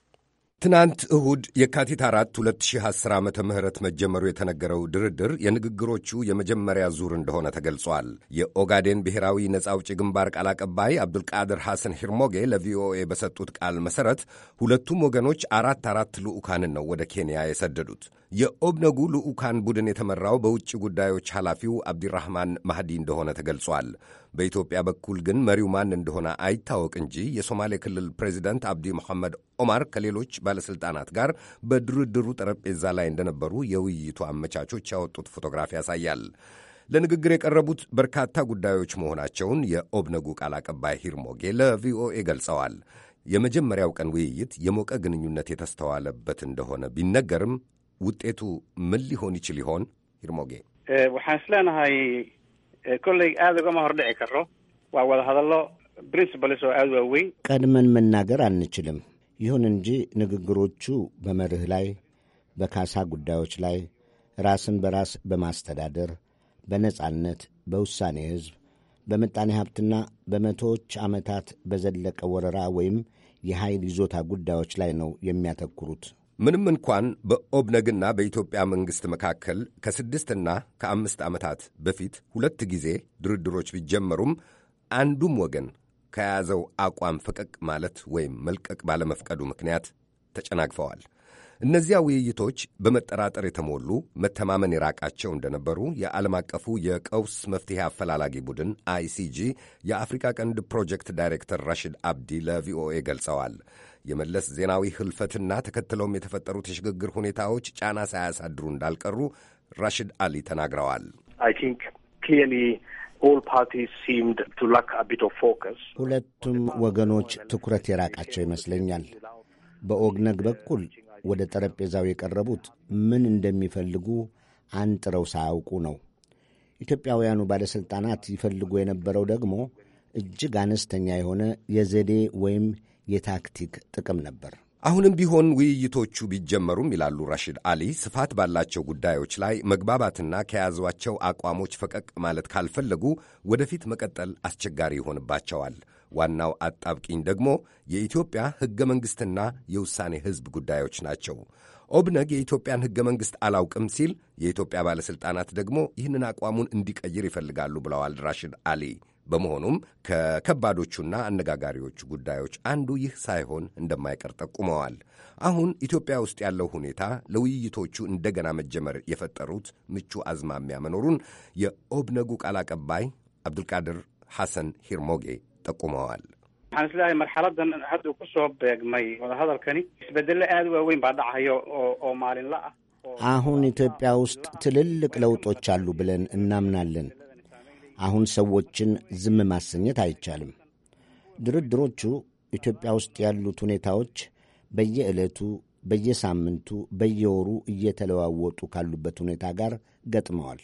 ትናንት እሁድ የካቲት አራት 2010 ዓ ም መጀመሩ የተነገረው ድርድር የንግግሮቹ የመጀመሪያ ዙር እንደሆነ ተገልጿል። የኦጋዴን ብሔራዊ ነጻ አውጪ ግንባር ቃል አቀባይ አብዱልቃድር ሐሰን ሂርሞጌ ለቪኦኤ በሰጡት ቃል መሠረት ሁለቱም ወገኖች አራት አራት ልዑካንን ነው ወደ ኬንያ የሰደዱት። የኦብነጉ ልዑካን ቡድን የተመራው በውጭ ጉዳዮች ኃላፊው አብዲራህማን ማህዲ እንደሆነ ተገልጿል። በኢትዮጵያ በኩል ግን መሪው ማን እንደሆነ አይታወቅ እንጂ የሶማሌ ክልል ፕሬዚደንት አብዲ መሐመድ ኦማር ከሌሎች ባለሥልጣናት ጋር በድርድሩ ጠረጴዛ ላይ እንደነበሩ የውይይቱ አመቻቾች ያወጡት ፎቶግራፍ ያሳያል። ለንግግር የቀረቡት በርካታ ጉዳዮች መሆናቸውን የኦብነጉ ቃል አቀባይ ሂርሞጌ ለቪኦኤ ገልጸዋል። የመጀመሪያው ቀን ውይይት የሞቀ ግንኙነት የተስተዋለበት እንደሆነ ቢነገርም ውጤቱ ምን ሊሆን ይችል ይሆን? ይርሞጌ waxaan ስለናሃይ kolley aad ugama hordhici ከሮ ዋ wada ሃደሎ principles oo aad waaweyn ቀድመን መናገር አንችልም። ይሁን እንጂ ንግግሮቹ በመርህ ላይ፣ በካሳ ጉዳዮች ላይ፣ ራስን በራስ በማስተዳደር፣ በነጻነት፣ በውሳኔ ሕዝብ፣ በምጣኔ ሀብትና በመቶዎች ዓመታት በዘለቀ ወረራ ወይም የኃይል ይዞታ ጉዳዮች ላይ ነው የሚያተኩሩት። ምንም እንኳን በኦብነግና በኢትዮጵያ መንግሥት መካከል ከስድስትና ከአምስት ዓመታት በፊት ሁለት ጊዜ ድርድሮች ቢጀመሩም አንዱም ወገን ከያዘው አቋም ፈቀቅ ማለት ወይም መልቀቅ ባለመፍቀዱ ምክንያት ተጨናግፈዋል። እነዚያ ውይይቶች በመጠራጠር የተሞሉ መተማመን የራቃቸው እንደነበሩ የዓለም አቀፉ የቀውስ መፍትሔ አፈላላጊ ቡድን አይሲጂ የአፍሪካ ቀንድ ፕሮጀክት ዳይሬክተር ራሽድ አብዲ ለቪኦኤ ገልጸዋል። የመለስ ዜናዊ ህልፈትና ተከትለውም የተፈጠሩት የሽግግር ሁኔታዎች ጫና ሳያሳድሩ እንዳልቀሩ ራሽድ አሊ ተናግረዋል። ሁለቱም ወገኖች ትኩረት የራቃቸው ይመስለኛል። በኦግነግ በኩል ወደ ጠረጴዛው የቀረቡት ምን እንደሚፈልጉ አንጥረው ሳያውቁ ነው። ኢትዮጵያውያኑ ባለሥልጣናት ይፈልጉ የነበረው ደግሞ እጅግ አነስተኛ የሆነ የዘዴ ወይም የታክቲክ ጥቅም ነበር። አሁንም ቢሆን ውይይቶቹ ቢጀመሩም ይላሉ ራሽድ አሊ፣ ስፋት ባላቸው ጉዳዮች ላይ መግባባትና ከያዟቸው አቋሞች ፈቀቅ ማለት ካልፈለጉ ወደፊት መቀጠል አስቸጋሪ ይሆንባቸዋል። ዋናው አጣብቂኝ ደግሞ የኢትዮጵያ ሕገ መንግሥትና የውሳኔ ሕዝብ ጉዳዮች ናቸው። ኦብነግ የኢትዮጵያን ሕገ መንግሥት አላውቅም ሲል፣ የኢትዮጵያ ባለሥልጣናት ደግሞ ይህንን አቋሙን እንዲቀይር ይፈልጋሉ ብለዋል ራሽድ አሊ። በመሆኑም ከከባዶቹና አነጋጋሪዎቹ ጉዳዮች አንዱ ይህ ሳይሆን እንደማይቀር ጠቁመዋል። አሁን ኢትዮጵያ ውስጥ ያለው ሁኔታ ለውይይቶቹ እንደገና መጀመር የፈጠሩት ምቹ አዝማሚያ መኖሩን የኦብነጉ ቃል አቀባይ አብዱልቃድር ሐሰን ሂርሞጌ ጠቁመዋል። waxaan marxaladan kusoo beegmay wadahadalkani isbedelo aad waaweyn baa dhacayo oo maalinla ah አሁን ኢትዮጵያ ውስጥ ትልልቅ ለውጦች አሉ ብለን እናምናለን። አሁን ሰዎችን ዝም ማሰኘት አይቻልም። ድርድሮቹ ኢትዮጵያ ውስጥ ያሉት ሁኔታዎች በየዕለቱ፣ በየሳምንቱ፣ በየወሩ እየተለዋወጡ ካሉበት ሁኔታ ጋር ገጥመዋል።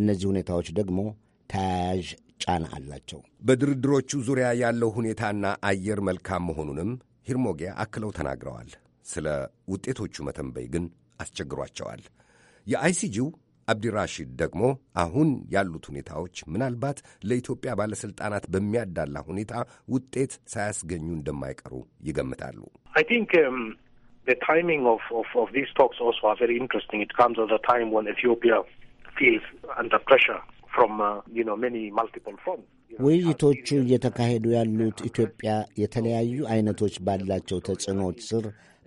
እነዚህ ሁኔታዎች ደግሞ ተያያዥ ጫና አላቸው። በድርድሮቹ ዙሪያ ያለው ሁኔታና አየር መልካም መሆኑንም ሂርሞጊያ አክለው ተናግረዋል። ስለ ውጤቶቹ መተንበይ ግን አስቸግሯቸዋል። የአይሲጂው አብዲራሺድ ደግሞ አሁን ያሉት ሁኔታዎች ምናልባት ለኢትዮጵያ ባለሥልጣናት በሚያዳላ ሁኔታ ውጤት ሳያስገኙ እንደማይቀሩ ይገምታሉ። ውይይቶቹ እየተካሄዱ ያሉት ኢትዮጵያ የተለያዩ አይነቶች ባላቸው ተጽዕኖዎች ስር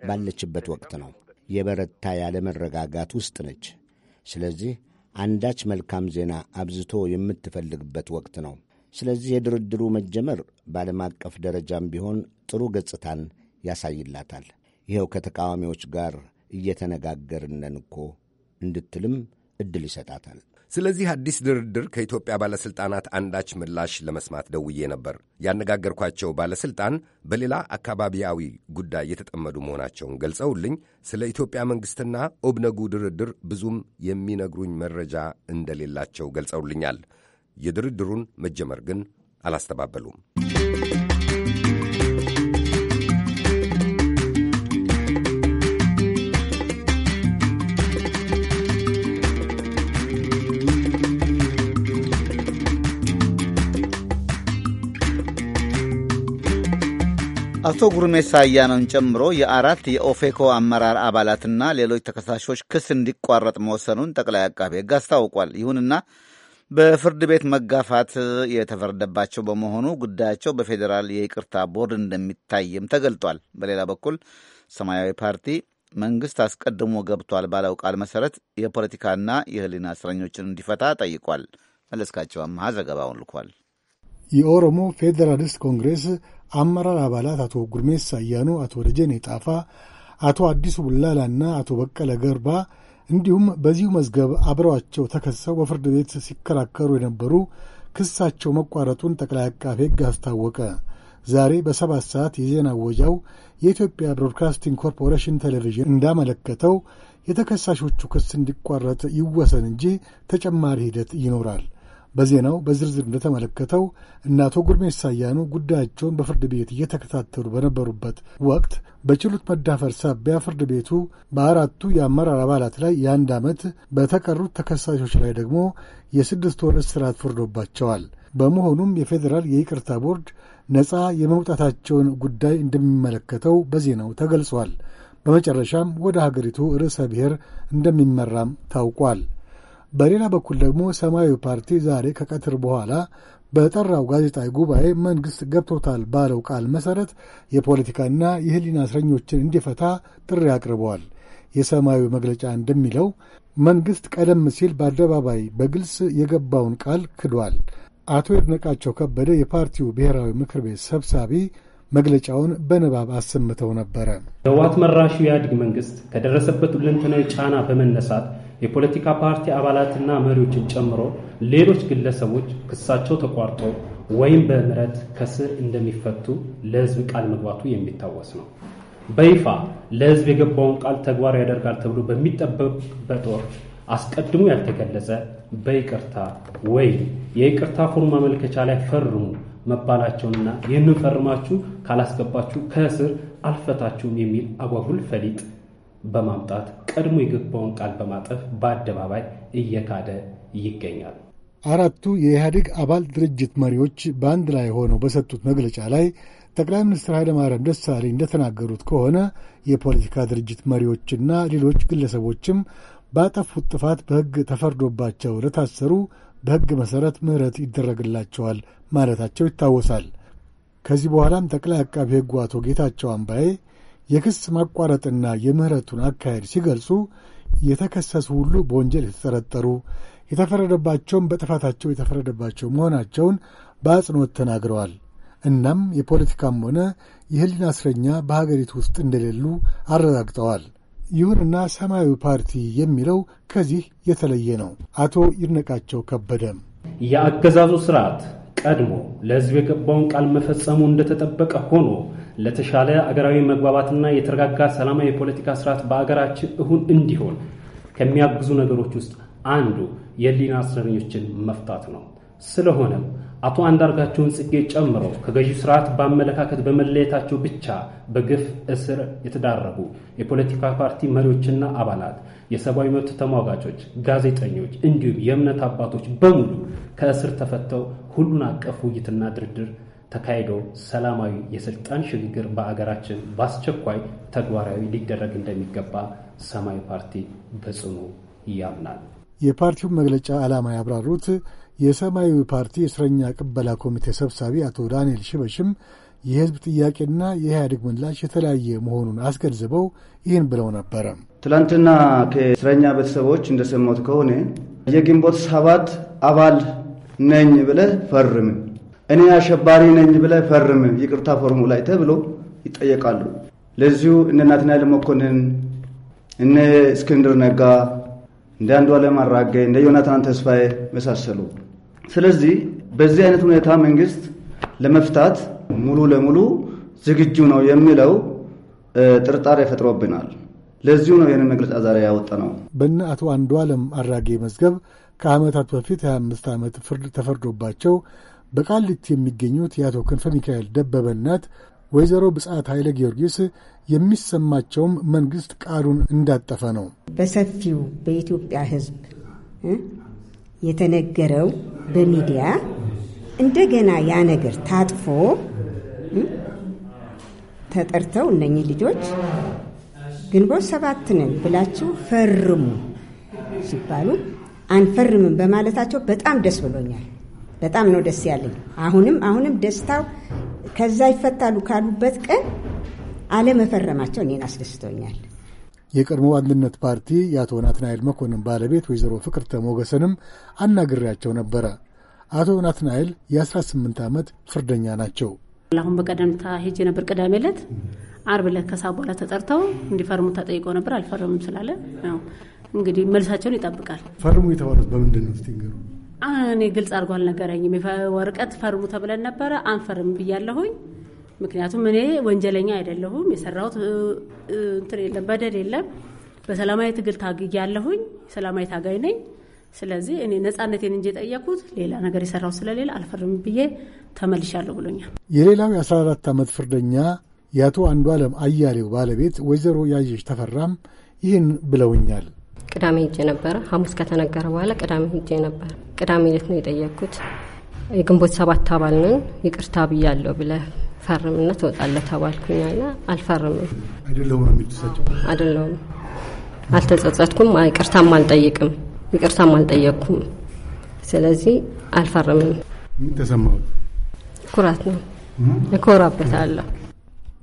ባለችበት ወቅት ነው። የበረታ ያለመረጋጋት ውስጥ ነች። ስለዚህ አንዳች መልካም ዜና አብዝቶ የምትፈልግበት ወቅት ነው። ስለዚህ የድርድሩ መጀመር በዓለም አቀፍ ደረጃም ቢሆን ጥሩ ገጽታን ያሳይላታል። ይኸው ከተቃዋሚዎች ጋር እየተነጋገርነን እኮ እንድትልም ዕድል ይሰጣታል። ስለዚህ አዲስ ድርድር ከኢትዮጵያ ባለሥልጣናት አንዳች ምላሽ ለመስማት ደውዬ ነበር። ያነጋገርኳቸው ባለሥልጣን በሌላ አካባቢያዊ ጉዳይ የተጠመዱ መሆናቸውን ገልጸውልኝ ስለ ኢትዮጵያ መንግሥትና ኦብነጉ ድርድር ብዙም የሚነግሩኝ መረጃ እንደሌላቸው ገልጸውልኛል። የድርድሩን መጀመር ግን አላስተባበሉም። አቶ ጉርሜሳ አያኖን ጨምሮ የአራት የኦፌኮ አመራር አባላትና ሌሎች ተከሳሾች ክስ እንዲቋረጥ መወሰኑን ጠቅላይ አቃቤ ሕግ አስታውቋል። ይሁንና በፍርድ ቤት መጋፋት የተፈረደባቸው በመሆኑ ጉዳያቸው በፌዴራል የይቅርታ ቦርድ እንደሚታይም ተገልጧል። በሌላ በኩል ሰማያዊ ፓርቲ መንግስት አስቀድሞ ገብቷል ባለው ቃል መሰረት የፖለቲካና የህሊና እስረኞችን እንዲፈታ ጠይቋል። መለስካቸው አመሃ ዘገባውን ልኳል። የኦሮሞ ፌዴራሊስት ኮንግሬስ አመራር አባላት አቶ ጉርሜሳ ሳያኑ፣ አቶ ደጀኔ ጣፋ፣ አቶ አዲሱ ቡላላና አቶ በቀለ ገርባ እንዲሁም በዚሁ መዝገብ አብረዋቸው ተከሰው በፍርድ ቤት ሲከራከሩ የነበሩ ክሳቸው መቋረጡን ጠቅላይ አቃቤ ሕግ አስታወቀ። ዛሬ በሰባት ሰዓት የዜና ወጃው የኢትዮጵያ ብሮድካስቲንግ ኮርፖሬሽን ቴሌቪዥን እንዳመለከተው የተከሳሾቹ ክስ እንዲቋረጥ ይወሰን እንጂ ተጨማሪ ሂደት ይኖራል። በዜናው በዝርዝር እንደተመለከተው እነ አቶ ጉርሜሳ አያኑ ጉዳያቸውን በፍርድ ቤት እየተከታተሉ በነበሩበት ወቅት በችሎት መዳፈር ሳቢያ ፍርድ ቤቱ በአራቱ የአመራር አባላት ላይ የአንድ ዓመት በተቀሩት ተከሳሾች ላይ ደግሞ የስድስት ወር እስራት ፈርዶባቸዋል። በመሆኑም የፌዴራል የይቅርታ ቦርድ ነፃ የመውጣታቸውን ጉዳይ እንደሚመለከተው በዜናው ተገልጿል። በመጨረሻም ወደ ሀገሪቱ ርዕሰ ብሔር እንደሚመራም ታውቋል። በሌላ በኩል ደግሞ ሰማያዊ ፓርቲ ዛሬ ከቀትር በኋላ በጠራው ጋዜጣዊ ጉባኤ መንግሥት ገብቶታል ባለው ቃል መሠረት የፖለቲካና የህሊና እስረኞችን እንዲፈታ ጥሪ አቅርበዋል። የሰማያዊ መግለጫ እንደሚለው መንግሥት ቀደም ሲል በአደባባይ በግልጽ የገባውን ቃል ክዷል። አቶ ይድነቃቸው ከበደ የፓርቲው ብሔራዊ ምክር ቤት ሰብሳቢ መግለጫውን በንባብ አሰምተው ነበረ። ህወሓት መራሹ የኢህአዴግ መንግሥት ከደረሰበት ሁለንተናዊ ጫና በመነሳት የፖለቲካ ፓርቲ አባላትና መሪዎችን ጨምሮ ሌሎች ግለሰቦች ክሳቸው ተቋርጦ ወይም በምረት ከስር እንደሚፈቱ ለህዝብ ቃል መግባቱ የሚታወስ ነው። በይፋ ለህዝብ የገባውን ቃል ተግባር ያደርጋል ተብሎ በሚጠበቅበት ወቅት አስቀድሞ ያልተገለጸ በይቅርታ ወይም የይቅርታ ፎርም ማመልከቻ ላይ ፈርሙ መባላቸውንና ይህንን ፈርማችሁ ካላስገባችሁ ከእስር አልፈታችሁም የሚል አጓጉል ፈሊጥ በማምጣት ቀድሞ የገባውን ቃል በማጠፍ በአደባባይ እየካደ ይገኛል። አራቱ የኢህአዴግ አባል ድርጅት መሪዎች በአንድ ላይ ሆነው በሰጡት መግለጫ ላይ ጠቅላይ ሚኒስትር ኃይለማርያም ደሳለኝ እንደተናገሩት ከሆነ የፖለቲካ ድርጅት መሪዎችና ሌሎች ግለሰቦችም ባጠፉት ጥፋት በሕግ ተፈርዶባቸው ለታሰሩ በሕግ መሠረት ምሕረት ይደረግላቸዋል ማለታቸው ይታወሳል። ከዚህ በኋላም ጠቅላይ አቃቢ ሕጉ አቶ ጌታቸው አምባዬ የክስ ማቋረጥና የምህረቱን አካሄድ ሲገልጹ የተከሰሱ ሁሉ በወንጀል የተጠረጠሩ የተፈረደባቸውም በጥፋታቸው የተፈረደባቸው መሆናቸውን በአጽንኦት ተናግረዋል። እናም የፖለቲካም ሆነ የህሊና እስረኛ በሀገሪቱ ውስጥ እንደሌሉ አረጋግጠዋል። ይሁንና ሰማያዊ ፓርቲ የሚለው ከዚህ የተለየ ነው። አቶ ይድነቃቸው ከበደም የአገዛዙ ስርዓት ቀድሞ ለሕዝብ የገባውን ቃል መፈጸሙ እንደተጠበቀ ሆኖ ለተሻለ አገራዊ መግባባትና የተረጋጋ ሰላማዊ የፖለቲካ ስርዓት በአገራችን እሁን እንዲሆን ከሚያግዙ ነገሮች ውስጥ አንዱ የህሊና እስረኞችን መፍታት ነው። ስለሆነም አቶ አንዳርጋቸውን ጽጌ ጨምሮ ከገዢ ስርዓት በአመለካከት በመለየታቸው ብቻ በግፍ እስር የተዳረጉ የፖለቲካ ፓርቲ መሪዎችና አባላት፣ የሰብአዊ መብት ተሟጋቾች፣ ጋዜጠኞች እንዲሁም የእምነት አባቶች በሙሉ ከእስር ተፈተው ሁሉን አቀፍ ውይይትና ድርድር ተካሂዶ ሰላማዊ የስልጣን ሽግግር በአገራችን በአስቸኳይ ተግባራዊ ሊደረግ እንደሚገባ ሰማያዊ ፓርቲ በጽኑ ያምናል። የፓርቲውን መግለጫ ዓላማ ያብራሩት የሰማያዊ ፓርቲ እስረኛ ቅበላ ኮሚቴ ሰብሳቢ አቶ ዳንኤል ሽበሽም የህዝብ ጥያቄና የኢህአዴግ ምላሽ የተለያየ መሆኑን አስገንዝበው ይህን ብለው ነበረ። ትላንትና ከእስረኛ ቤተሰቦች እንደሰማሁት ከሆነ የግንቦት ሰባት አባል ነኝ ብለህ ፈርም፣ እኔ አሸባሪ ነኝ ብለህ ፈርም፣ ይቅርታ ፎርሙ ላይ ተብሎ ይጠየቃሉ። ለዚሁ እነ ናትናኤል መኮንን፣ እነ እስክንድር ነጋ፣ እንደ አንዱዓለም አራጌ፣ እንደ ዮናታን ተስፋዬ መሳሰሉ ስለዚህ በዚህ አይነት ሁኔታ መንግስት ለመፍታት ሙሉ ለሙሉ ዝግጁ ነው የሚለው ጥርጣሬ ፈጥሮብናል። ለዚሁ ነው ይህንን መግለጫ ዛሬ ያወጣ ነው። በእነ አቶ አንዱ አለም አራጌ መዝገብ ከአመታት በፊት 25 ዓመት ፍርድ ተፈርዶባቸው በቃሊቲ የሚገኙት የአቶ ክንፈ ሚካኤል ደበበ እናት ወይዘሮ ብጻት ኃይለ ጊዮርጊስ የሚሰማቸውም መንግስት ቃሉን እንዳጠፈ ነው። በሰፊው በኢትዮጵያ ሕዝብ የተነገረው በሚዲያ እንደገና ያ ነገር ታጥፎ ተጠርተው እነኚህ ልጆች ግንቦት ሰባት ነን ብላችሁ ፈርሙ ሲባሉ አንፈርምም በማለታቸው በጣም ደስ ብሎኛል። በጣም ነው ደስ ያለኝ። አሁንም አሁንም ደስታው ከዛ ይፈታሉ ካሉበት ቀን አለመፈረማቸው እኔን አስደስቶኛል። የቀድሞ አንድነት ፓርቲ የአቶ ናትናኤል መኮንን ባለቤት ወይዘሮ ፍቅርተ ሞገሰንም አናግሬያቸው ነበረ። አቶ ናትናኤል የ18 ዓመት ፍርደኛ ናቸው። አሁን በቀደምታ ሄጅ ነበር። ቅዳሜ ዕለት አርብ ዕለት ከሳ በኋላ ተጠርተው እንዲፈርሙ ተጠይቆ ነበር። አልፈረምም ስላለ እንግዲህ መልሳቸውን ይጠብቃል። ፈርሙ የተባሉት በምንድን ነው? ስትንገሩ እኔ ግልጽ አድርጎ አልነገረኝም። ወረቀት ፈርሙ ተብለን ነበረ። አንፈርም ብያለሁኝ ምክንያቱም እኔ ወንጀለኛ አይደለሁም። የሰራሁት እንትን የለም፣ በደል የለም። በሰላማዊ ትግል ታግያለሁኝ። ሰላማዊ ታጋይ ነኝ። ስለዚህ እኔ ነጻነቴን እንጂ የጠየኩት ሌላ ነገር የሰራው ስለሌላ አልፈርም ብዬ ተመልሻለሁ ብሎኛል። የሌላው የ14 ዓመት ፍርደኛ የአቶ አንዱ ዓለም አያሌው ባለቤት ወይዘሮ ያየሽ ተፈራም ይህን ብለውኛል። ቅዳሜ ሄጄ ነበረ። ሐሙስ ከተነገረ በኋላ ቅዳሜ ሄጄ ነበር። ቅዳሜ ዕለት ነው የጠየኩት። የግንቦት ሰባት አባል ነን ይቅርታ ብያለሁ ብለህ ፈርምና ትወጣለህ ተባልኩኛና አልፈርምም። አይደለሁም አልተጸጸትኩም። ይቅርታም አልጠይቅም። ይቅርታም አልጠየቅኩም። ስለዚህ አልፈርምም። ምን ኩራት ነው። እኮራበታለሁ።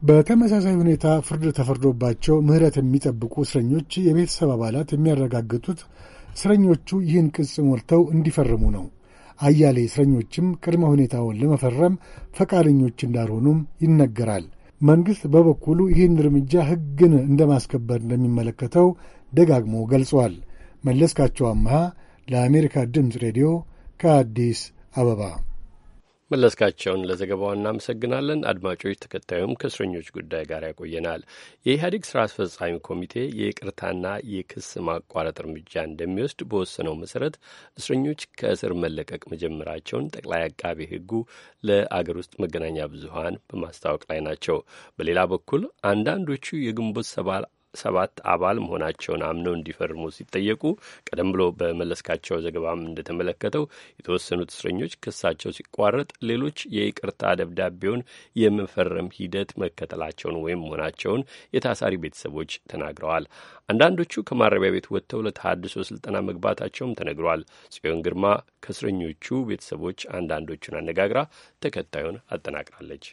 በተመሳሳይ ሁኔታ ፍርድ ተፈርዶባቸው ምህረት የሚጠብቁ እስረኞች የቤተሰብ አባላት የሚያረጋግጡት እስረኞቹ ይህን ቅጽ ሞልተው እንዲፈርሙ ነው። አያሌ እስረኞችም ቅድመ ሁኔታውን ለመፈረም ፈቃደኞች እንዳልሆኑም ይነገራል። መንግሥት በበኩሉ ይህን እርምጃ ሕግን እንደማስከበር እንደሚመለከተው ደጋግሞ ገልጿል። መለስካቸው አመሃ ለአሜሪካ ድምፅ ሬዲዮ ከአዲስ አበባ መለስካቸውን ለዘገባው እናመሰግናለን። አድማጮች፣ ተከታዩም ከእስረኞች ጉዳይ ጋር ያቆየናል። የኢህአዴግ ስራ አስፈጻሚ ኮሚቴ የይቅርታና የክስ ማቋረጥ እርምጃ እንደሚወስድ በወሰነው መሰረት እስረኞች ከእስር መለቀቅ መጀመራቸውን ጠቅላይ አቃቤ ሕጉ ለአገር ውስጥ መገናኛ ብዙሀን በማስታወቅ ላይ ናቸው። በሌላ በኩል አንዳንዶቹ የግንቦት ሰባት ሰባት አባል መሆናቸውን አምነው እንዲፈርሙ ሲጠየቁ ቀደም ብሎ በመለስካቸው ዘገባም እንደተመለከተው የተወሰኑት እስረኞች ክሳቸው ሲቋረጥ ሌሎች የይቅርታ ደብዳቤውን የመፈረም ሂደት መከተላቸውን ወይም መሆናቸውን የታሳሪ ቤተሰቦች ተናግረዋል። አንዳንዶቹ ከማረቢያ ቤት ወጥተው ለተሃድሶ ስልጠና መግባታቸውም ተነግሯል። ጽዮን ግርማ ከእስረኞቹ ቤተሰቦች አንዳንዶቹን አነጋግራ ተከታዩን አጠናቅራለች።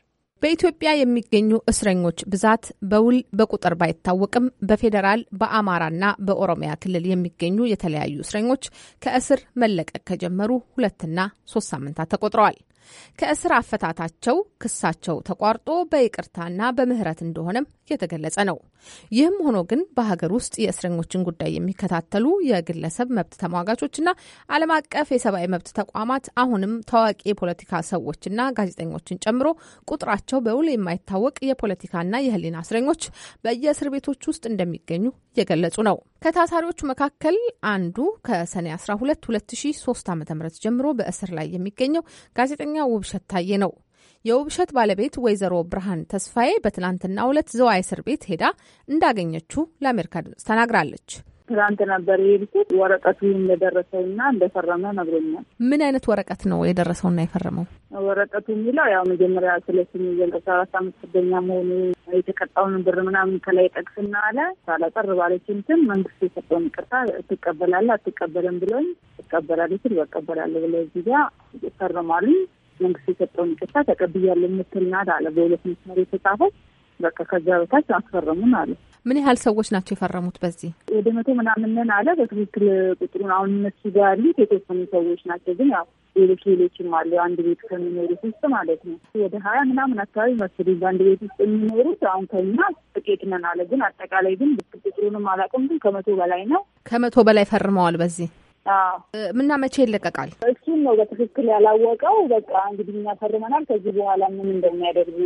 በኢትዮጵያ የሚገኙ እስረኞች ብዛት በውል በቁጥር ባይታወቅም በፌዴራል በአማራና በኦሮሚያ ክልል የሚገኙ የተለያዩ እስረኞች ከእስር መለቀቅ ከጀመሩ ሁለትና ሶስት ሳምንታት ተቆጥረዋል። ከእስር አፈታታቸው ክሳቸው ተቋርጦ በይቅርታና በምህረት እንደሆነም የተገለጸ ነው። ይህም ሆኖ ግን በሀገር ውስጥ የእስረኞችን ጉዳይ የሚከታተሉ የግለሰብ መብት ተሟጋቾችና ዓለም አቀፍ የሰብአዊ መብት ተቋማት አሁንም ታዋቂ የፖለቲካ ሰዎችና ጋዜጠኞችን ጨምሮ ቁጥራቸው በውል የማይታወቅ የፖለቲካና የህሊና እስረኞች በየእስር ቤቶች ውስጥ እንደሚገኙ እየገለጹ ነው። ከታሳሪዎቹ መካከል አንዱ ከሰኔ 12 2003 ዓ ም ጀምሮ በእስር ላይ የሚገኘው ጋዜጠ ጋዜጠኛ ውብሸት ታዬ ነው። የውብሸት ባለቤት ወይዘሮ ብርሃን ተስፋዬ በትናንትናው ዕለት ዘዋይ እስር ቤት ሄዳ እንዳገኘችው ለአሜሪካ ድምጽ ተናግራለች። ትናንት ነበር የሄድኩት። ወረቀቱ እንደደረሰው እንደደረሰውና እንደፈረመ ነግሮኛል። ምን አይነት ወረቀት ነው የደረሰው የደረሰውና የፈረመው? ወረቀቱ የሚለው ያው መጀመሪያ ስለ ስሜ የአስራ አራት አመት ስደኛ መሆኑ የተቀጣውን ብር ምናምን ከላይ ጠቅስና አለ ሳላጠር ባለች እንትን መንግስት የሰጠውን ቅርታ ትቀበላለህ አትቀበልም ብሎኝ እቀበላለሁ ስል በቀበላለሁ ብለው እዚህ ፈርማሉኝ። መንግስት የሰጠውን ይቅርታ ተቀብያለሁ የምትል ናት አለ። በሁለት መስመር የተጻፈች በቃ ከዚያ በታች አስፈረሙን አለ። ምን ያህል ሰዎች ናቸው የፈረሙት? በዚህ ወደ መቶ ምናምንን አለ። በትክክል ቁጥሩን አሁን እነሱ ጋር ያሉት የተወሰኑ ሰዎች ናቸው፣ ግን ያው ሌሎች ሌሎችም አሉ። አንድ ቤት ከሚኖሩት ውስጥ ማለት ነው። ወደ ሀያ ምናምን አካባቢ መስሉ በአንድ ቤት ውስጥ የሚኖሩት አሁን ከኛ ጥቂት ነን አለ። ግን አጠቃላይ ግን ቁጥሩንም አላውቅም፣ ግን ከመቶ በላይ ነው። ከመቶ በላይ ፈርመዋል በዚህ ምና መቼ ይለቀቃል? እሱም ነው በትክክል ያላወቀው። በቃ እንግዲህ እኛ ፈርመናል፣ ከዚህ በኋላ ምን እንደሚያደርጉ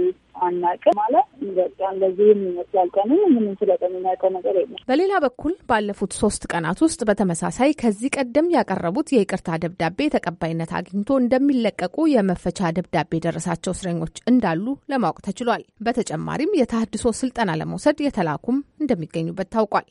አናውቅም ማለት በቃ እንደዚህም ይመስላል። ቀኑ ምንም ስለ የሚያውቀው ነገር የለም። በሌላ በኩል ባለፉት ሶስት ቀናት ውስጥ በተመሳሳይ ከዚህ ቀደም ያቀረቡት የይቅርታ ደብዳቤ ተቀባይነት አግኝቶ እንደሚለቀቁ የመፈቻ ደብዳቤ የደረሳቸው እስረኞች እንዳሉ ለማወቅ ተችሏል። በተጨማሪም የተሃድሶ ስልጠና ለመውሰድ የተላኩም እንደሚገኙበት ታውቋል።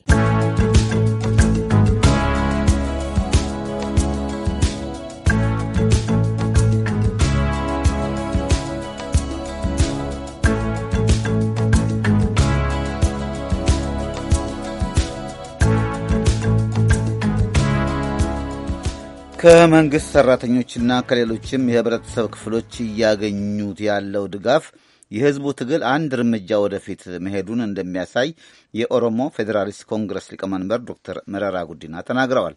ከመንግሥት ሠራተኞችና ከሌሎችም የህብረተሰብ ክፍሎች እያገኙት ያለው ድጋፍ የህዝቡ ትግል አንድ እርምጃ ወደፊት መሄዱን እንደሚያሳይ የኦሮሞ ፌዴራሊስት ኮንግረስ ሊቀመንበር ዶክተር መረራ ጉዲና ተናግረዋል።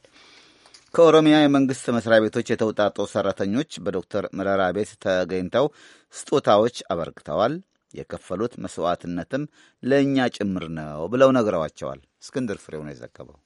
ከኦሮሚያ የመንግሥት መሥሪያ ቤቶች የተውጣጡ ሠራተኞች በዶክተር መረራ ቤት ተገኝተው ስጦታዎች አበርክተዋል። የከፈሉት መሥዋዕትነትም ለእኛ ጭምር ነው ብለው ነግረዋቸዋል። እስክንድር ፍሬው ነው የዘገበው።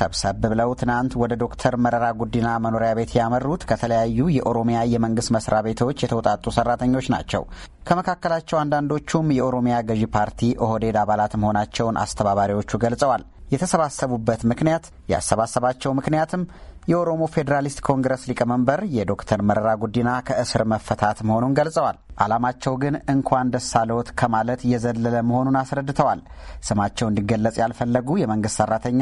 ሰብሰብ ብለው ትናንት ወደ ዶክተር መረራ ጉዲና መኖሪያ ቤት ያመሩት ከተለያዩ የኦሮሚያ የመንግስት መስሪያ ቤቶች የተውጣጡ ሰራተኞች ናቸው። ከመካከላቸው አንዳንዶቹም የኦሮሚያ ገዢ ፓርቲ ኦህዴድ አባላት መሆናቸውን አስተባባሪዎቹ ገልጸዋል። የተሰባሰቡበት ምክንያት ያሰባሰባቸው ምክንያትም የኦሮሞ ፌዴራሊስት ኮንግረስ ሊቀመንበር የዶክተር መረራ ጉዲና ከእስር መፈታት መሆኑን ገልጸዋል። ዓላማቸው ግን እንኳን ደስ አለዎት ከማለት የዘለለ መሆኑን አስረድተዋል። ስማቸው እንዲገለጽ ያልፈለጉ የመንግስት ሰራተኛ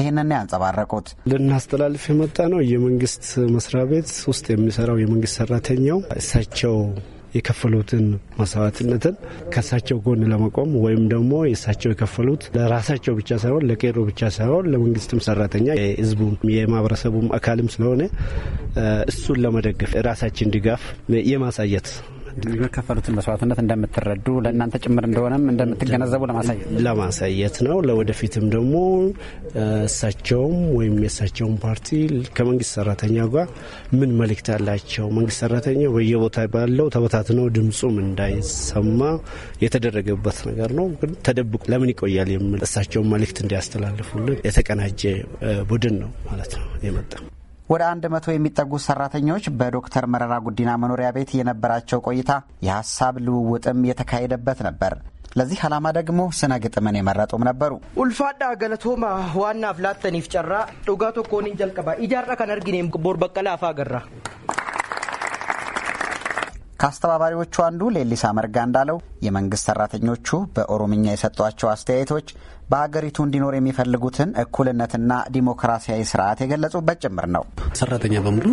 ይህንን ያንጸባረቁት ልናስተላልፍ የመጣ ነው። የመንግስት መስሪያ ቤት ውስጥ የሚሰራው የመንግስት ሰራተኛው እሳቸው የከፈሉትን መስዋዕትነትን ከእሳቸው ጎን ለመቆም ወይም ደግሞ የእሳቸው የከፈሉት ለራሳቸው ብቻ ሳይሆን ለቄሮ ብቻ ሳይሆን ለመንግስትም ሰራተኛ የህዝቡም የማህበረሰቡም አካልም ስለሆነ እሱን ለመደገፍ የራሳችን ድጋፍ የማሳየት የሚከፈሉትን መስዋዕትነት እንደምትረዱ ለእናንተ ጭምር እንደሆነም እንደምትገነዘቡ ለማሳየት ለማሳየት ነው። ለወደፊትም ደግሞ እሳቸውም ወይም የእሳቸውን ፓርቲ ከመንግስት ሰራተኛ ጋር ምን መልእክት አላቸው? መንግስት ሰራተኛ በየቦታ ባለው ተበታትነው ድምፁም እንዳይሰማ የተደረገበት ነገር ነው። ግን ተደብቁ ለምን ይቆያል የሚል እሳቸውን መልእክት እንዲያስተላልፉልን የተቀናጀ ቡድን ነው ማለት ነው የመጣ ወደ አንድ መቶ የሚጠጉ ሰራተኞች በዶክተር መረራ ጉዲና መኖሪያ ቤት የነበራቸው ቆይታ የሀሳብ ልውውጥም የተካሄደበት ነበር። ለዚህ ዓላማ ደግሞ ስነ ግጥምን የመረጡም ነበሩ። ኡልፋዳ ገለቶማ ዋና ፍላተኒፍ ጨራ ዱጋ ኮኒ ጀልቀባ ኢጃራ ከነርጊኔም ቦር በቀላ አፋ ገራ ከአስተባባሪዎቹ አንዱ ሌሊሳ መርጋ እንዳለው የመንግስት ሰራተኞቹ በኦሮምኛ የሰጧቸው አስተያየቶች በሀገሪቱ እንዲኖር የሚፈልጉትን እኩልነትና ዲሞክራሲያዊ ስርዓት የገለጹበት ጭምር ነው። ሰራተኛ በሙሉ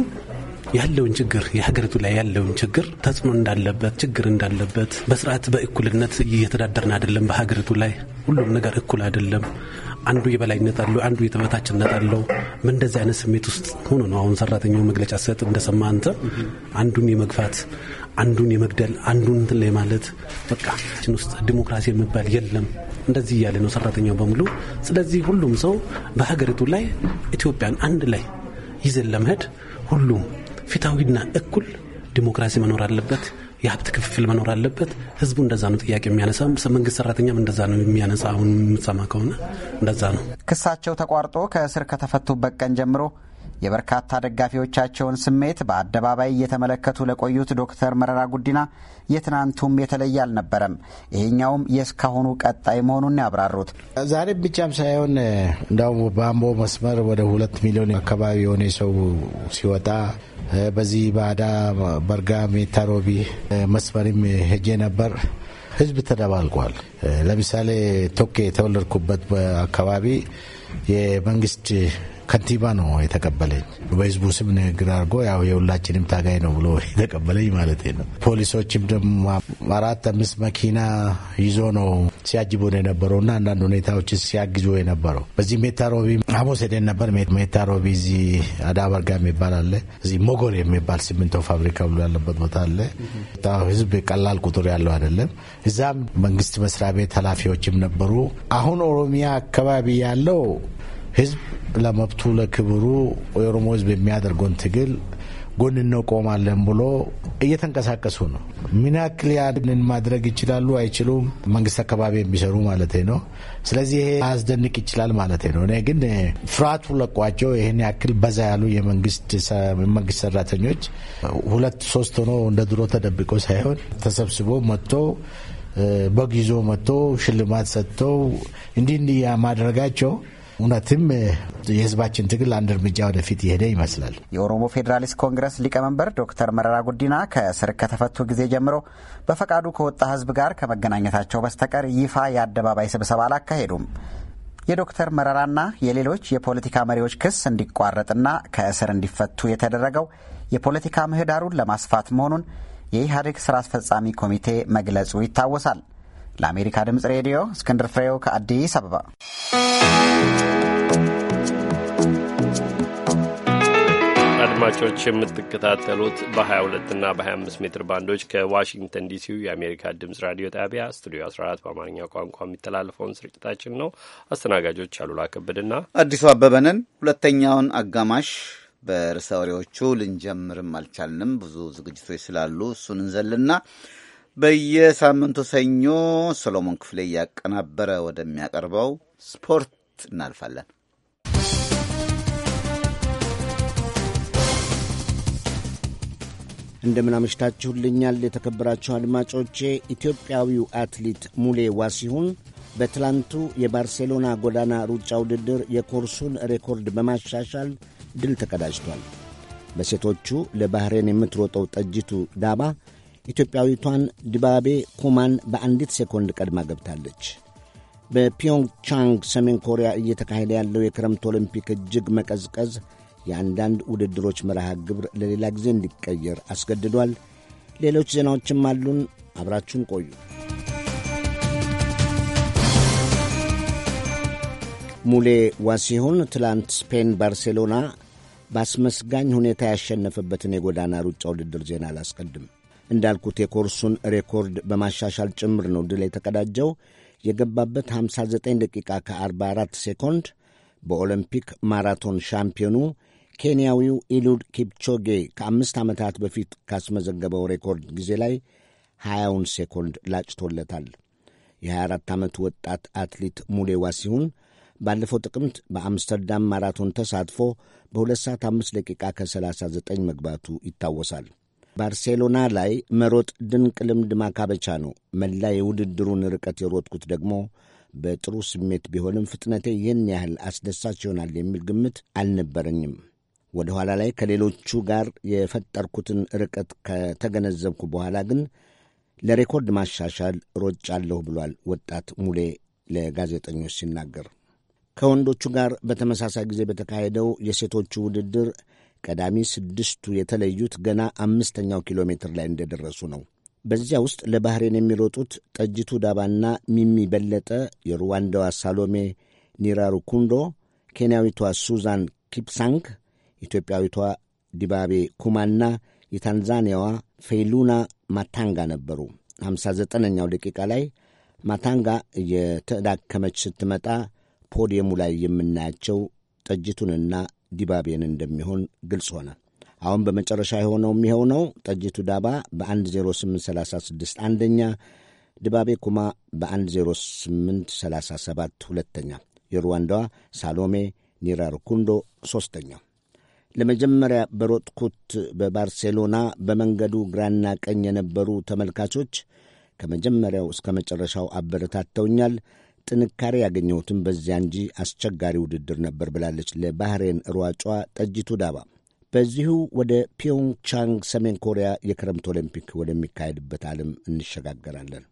ያለውን ችግር የሀገሪቱ ላይ ያለውን ችግር ተጽዕኖ እንዳለበት ችግር እንዳለበት በስርዓት በእኩልነት እየተዳደርን አይደለም። በሀገሪቱ ላይ ሁሉም ነገር እኩል አይደለም። አንዱ የበላይነት አለው፣ አንዱ የተበታችነት አለው። በእንደዚህ አይነት ስሜት ውስጥ ሆኖ ነው አሁን ሰራተኛው መግለጫ ሰጥ እንደሰማ አንተ አንዱን የመግፋት አንዱን የመግደል አንዱን እንትን ላይ ማለት በቃ ችን ውስጥ ዲሞክራሲ የሚባል የለም። እንደዚህ እያለ ነው ሰራተኛው በሙሉ። ስለዚህ ሁሉም ሰው በሀገሪቱ ላይ ኢትዮጵያን አንድ ላይ ይዘን ለመሄድ ሁሉም ፊታዊና እኩል ዲሞክራሲ መኖር አለበት። የሀብት ክፍፍል መኖር አለበት። ህዝቡ እንደዛ ነው ጥያቄ የሚያነሳ መንግስት ሰራተኛም እንደዛ ነው የሚያነሳ። አሁን የምትሰማ ከሆነ እንደዛ ነው። ክሳቸው ተቋርጦ ከእስር ከተፈቱበት ቀን ጀምሮ የበርካታ ደጋፊዎቻቸውን ስሜት በአደባባይ እየተመለከቱ ለቆዩት ዶክተር መረራ ጉዲና የትናንቱም የተለየ አልነበረም። ይሄኛውም የእስካሁኑ ቀጣይ መሆኑን ያብራሩት ዛሬ ብቻም ሳይሆን እንዳውም በአምቦ መስመር ወደ ሁለት ሚሊዮን አካባቢ የሆነ ሰው ሲወጣ በዚህ ባዳ በርጋ ሜታሮቢ መስመርም ሄጄ ነበር። ህዝብ ተደባልቋል። ለምሳሌ ቶኬ የተወለድኩበት አካባቢ የመንግስት ከንቲባ ነው የተቀበለኝ። በህዝቡ ስም ንግግር አድርጎ ያው የሁላችንም ታጋይ ነው ብሎ የተቀበለኝ ማለት ነው። ፖሊሶችም ደግሞ አራት አምስት መኪና ይዞ ነው ሲያጅቡ ነው የነበረው እና አንዳንድ ሁኔታዎች ሲያግዙ የነበረው። በዚህ ሜታሮቢ ሮቢ ሐሙስ ሄደን ነበር። ሜታሮቢ እዚህ አዳበርጋ የሚባል አለ። እዚህ ሞጎል የሚባል ሲሚንቶ ፋብሪካ ብሎ ያለበት ቦታ አለ። ህዝብ ቀላል ቁጥር ያለው አይደለም። እዛም መንግስት መስሪያ ቤት ኃላፊዎችም ነበሩ። አሁን ኦሮሚያ አካባቢ ያለው ህዝብ ለመብቱ ለክብሩ የኦሮሞ ህዝብ የሚያደርገውን ትግል ጎን እንቆማለን ብሎ እየተንቀሳቀሱ ነው። ምን ያክል ያንን ማድረግ ይችላሉ አይችሉም? መንግስት አካባቢ የሚሰሩ ማለት ነው። ስለዚህ ይሄ አያስደንቅ ይችላል ማለት ነው። እኔ ግን ፍርሃቱ ለቋቸው ይህን ያክል በዛ ያሉ የመንግስት ሰራተኞች ሁለት ሶስት ሆኖ እንደ ድሮ ተደብቆ ሳይሆን ተሰብስቦ መጥቶ በግ ይዞ መጥቶ ሽልማት ሰጥተው እንዲህ ማድረጋቸው እውነትም የህዝባችን ትግል አንድ እርምጃ ወደፊት የሄደ ይመስላል። የኦሮሞ ፌዴራሊስት ኮንግረስ ሊቀመንበር ዶክተር መረራ ጉዲና ከእስር ከተፈቱ ጊዜ ጀምሮ በፈቃዱ ከወጣ ህዝብ ጋር ከመገናኘታቸው በስተቀር ይፋ የአደባባይ ስብሰባ አላካሄዱም። የዶክተር መረራና የሌሎች የፖለቲካ መሪዎች ክስ እንዲቋረጥና ከእስር እንዲፈቱ የተደረገው የፖለቲካ ምህዳሩን ለማስፋት መሆኑን የኢህአዴግ ስራ አስፈጻሚ ኮሚቴ መግለጹ ይታወሳል። ለአሜሪካ ድምፅ ሬዲዮ እስክንድር ፍሬው ከአዲስ አበባ። አድማጮች የምትከታተሉት በ22 እና በ25 ሜትር ባንዶች ከዋሽንግተን ዲሲው የአሜሪካ ድምጽ ራዲዮ ጣቢያ ስቱዲዮ 14 በአማርኛ ቋንቋ የሚተላለፈውን ስርጭታችን ነው። አስተናጋጆች አሉላ ከበድና አዲሱ አበበንን ሁለተኛውን አጋማሽ በርዕሰ ወሬዎቹ ልንጀምርም አልቻልንም። ብዙ ዝግጅቶች ስላሉ እሱን እንዘልና በየሳምንቱ ሰኞ ሰሎሞን ክፍሌ እያቀናበረ ወደሚያቀርበው ስፖርት እናልፋለን። እንደምናመሽታችሁልኛል የተከበራችሁ አድማጮቼ። ኢትዮጵያዊው አትሌት ሙሌ ዋሲሁን በትላንቱ የባርሴሎና ጎዳና ሩጫ ውድድር የኮርሱን ሬኮርድ በማሻሻል ድል ተቀዳጅቷል። በሴቶቹ ለባህሬን የምትሮጠው ጠጅቱ ዳባ ኢትዮጵያዊቷን ድባቤ ኩማን በአንዲት ሴኮንድ ቀድማ ገብታለች። በፒዮንግቻንግ ሰሜን ኮሪያ እየተካሄደ ያለው የክረምት ኦሎምፒክ እጅግ መቀዝቀዝ የአንዳንድ ውድድሮች መርሃ ግብር ለሌላ ጊዜ እንዲቀየር አስገድዷል። ሌሎች ዜናዎችም አሉን። አብራችሁን ቆዩ። ሙሌ ዋሲሁን ትላንት ስፔን ባርሴሎና በአስመስጋኝ ሁኔታ ያሸነፈበትን የጎዳና ሩጫ ውድድር ዜና አላስቀድም። እንዳልኩት የኮርሱን ሬኮርድ በማሻሻል ጭምር ነው ድል የተቀዳጀው። የገባበት 59 ደቂቃ ከ44 ሴኮንድ በኦሎምፒክ ማራቶን ሻምፒዮኑ ኬንያዊው ኢሉድ ኪፕቾጌ ከአምስት ዓመታት በፊት ካስመዘገበው ሬኮርድ ጊዜ ላይ 20ውን ሴኮንድ ላጭቶለታል። የ24 ዓመቱ ወጣት አትሌት ሙሌዋ ሲሆን ባለፈው ጥቅምት በአምስተርዳም ማራቶን ተሳትፎ በ2 ሰዓት 5 ደቂቃ ከ39 መግባቱ ይታወሳል። ባርሴሎና ላይ መሮጥ ድንቅ ልምድ ማካበቻ ነው። መላ የውድድሩን ርቀት የሮጥኩት ደግሞ በጥሩ ስሜት ቢሆንም ፍጥነቴ ይህን ያህል አስደሳች ይሆናል የሚል ግምት አልነበረኝም። ወደ ኋላ ላይ ከሌሎቹ ጋር የፈጠርኩትን ርቀት ከተገነዘብኩ በኋላ ግን ለሬኮርድ ማሻሻል ሮጫለሁ ብሏል ወጣት ሙሌ ለጋዜጠኞች ሲናገር። ከወንዶቹ ጋር በተመሳሳይ ጊዜ በተካሄደው የሴቶቹ ውድድር ቀዳሚ ስድስቱ የተለዩት ገና አምስተኛው ኪሎ ሜትር ላይ እንደደረሱ ነው። በዚያ ውስጥ ለባህሬን የሚሮጡት ጠጅቱ ዳባና ሚሚ በለጠ፣ የሩዋንዳዋ ሳሎሜ ኒራሩ ኩንዶ፣ ኬንያዊቷ ሱዛን ኪፕሳንግ፣ ኢትዮጵያዊቷ ዲባቤ ኩማና የታንዛኒያዋ ፌሉና ማታንጋ ነበሩ። 59ኛው ደቂቃ ላይ ማታንጋ እየተዳከመች ስትመጣ ፖዲየሙ ላይ የምናያቸው ጠጅቱንና ዲባቤን እንደሚሆን ግልጽ ሆነ። አሁን በመጨረሻ የሆነው የሚሆነው ጠጅቱ ዳባ በ10836 አንደኛ፣ ድባቤ ኩማ በ10837 ሁለተኛ፣ የሩዋንዳዋ ሳሎሜ ኒራርኩንዶ ሦስተኛ። ለመጀመሪያ በሮጥኩት በባርሴሎና በመንገዱ ግራና ቀኝ የነበሩ ተመልካቾች ከመጀመሪያው እስከ መጨረሻው አበረታተውኛል። ጥንካሬ ያገኘሁትም በዚያ እንጂ አስቸጋሪ ውድድር ነበር ብላለች ለባህሬን ሯጯ ጠጂቱ ዳባ። በዚሁ ወደ ፒዮንግቻንግ ሰሜን ኮሪያ የክረምት ኦሎምፒክ ወደሚካሄድበት ዓለም እንሸጋገራለን።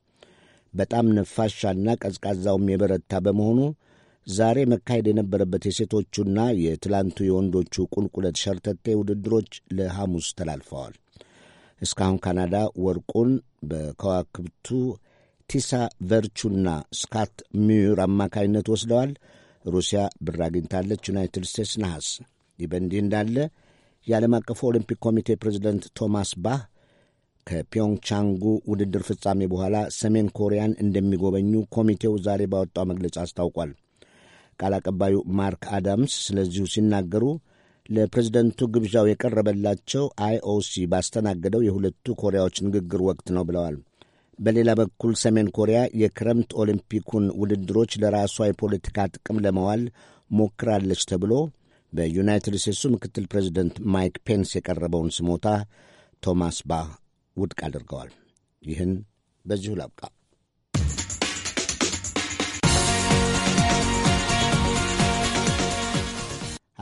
በጣም ነፋሻና ቀዝቃዛውም የበረታ በመሆኑ ዛሬ መካሄድ የነበረበት የሴቶቹና የትላንቱ የወንዶቹ ቁልቁለት ሸርተቴ ውድድሮች ለሐሙስ ተላልፈዋል። እስካሁን ካናዳ ወርቁን በከዋክብቱ በቲሳ ቨርቹና ስካት ሚዩር አማካይነት ወስደዋል። ሩሲያ ብር አግኝታለች፣ ዩናይትድ ስቴትስ ነሐስ። ይህ በእንዲህ እንዳለ የዓለም አቀፉ ኦሊምፒክ ኮሚቴ ፕሬዚደንት ቶማስ ባህ ከፒዮንግቻንጉ ውድድር ፍጻሜ በኋላ ሰሜን ኮሪያን እንደሚጎበኙ ኮሚቴው ዛሬ ባወጣው መግለጫ አስታውቋል። ቃል አቀባዩ ማርክ አዳምስ ስለዚሁ ሲናገሩ ለፕሬዝደንቱ ግብዣው የቀረበላቸው አይኦሲ ባስተናገደው የሁለቱ ኮሪያዎች ንግግር ወቅት ነው ብለዋል። በሌላ በኩል ሰሜን ኮሪያ የክረምት ኦሊምፒኩን ውድድሮች ለራሷ የፖለቲካ ጥቅም ለመዋል ሞክራለች ተብሎ በዩናይትድ ስቴትሱ ምክትል ፕሬዚደንት ማይክ ፔንስ የቀረበውን ስሞታ ቶማስ ባህ ውድቅ አድርገዋል። ይህን በዚሁ ላብቃ።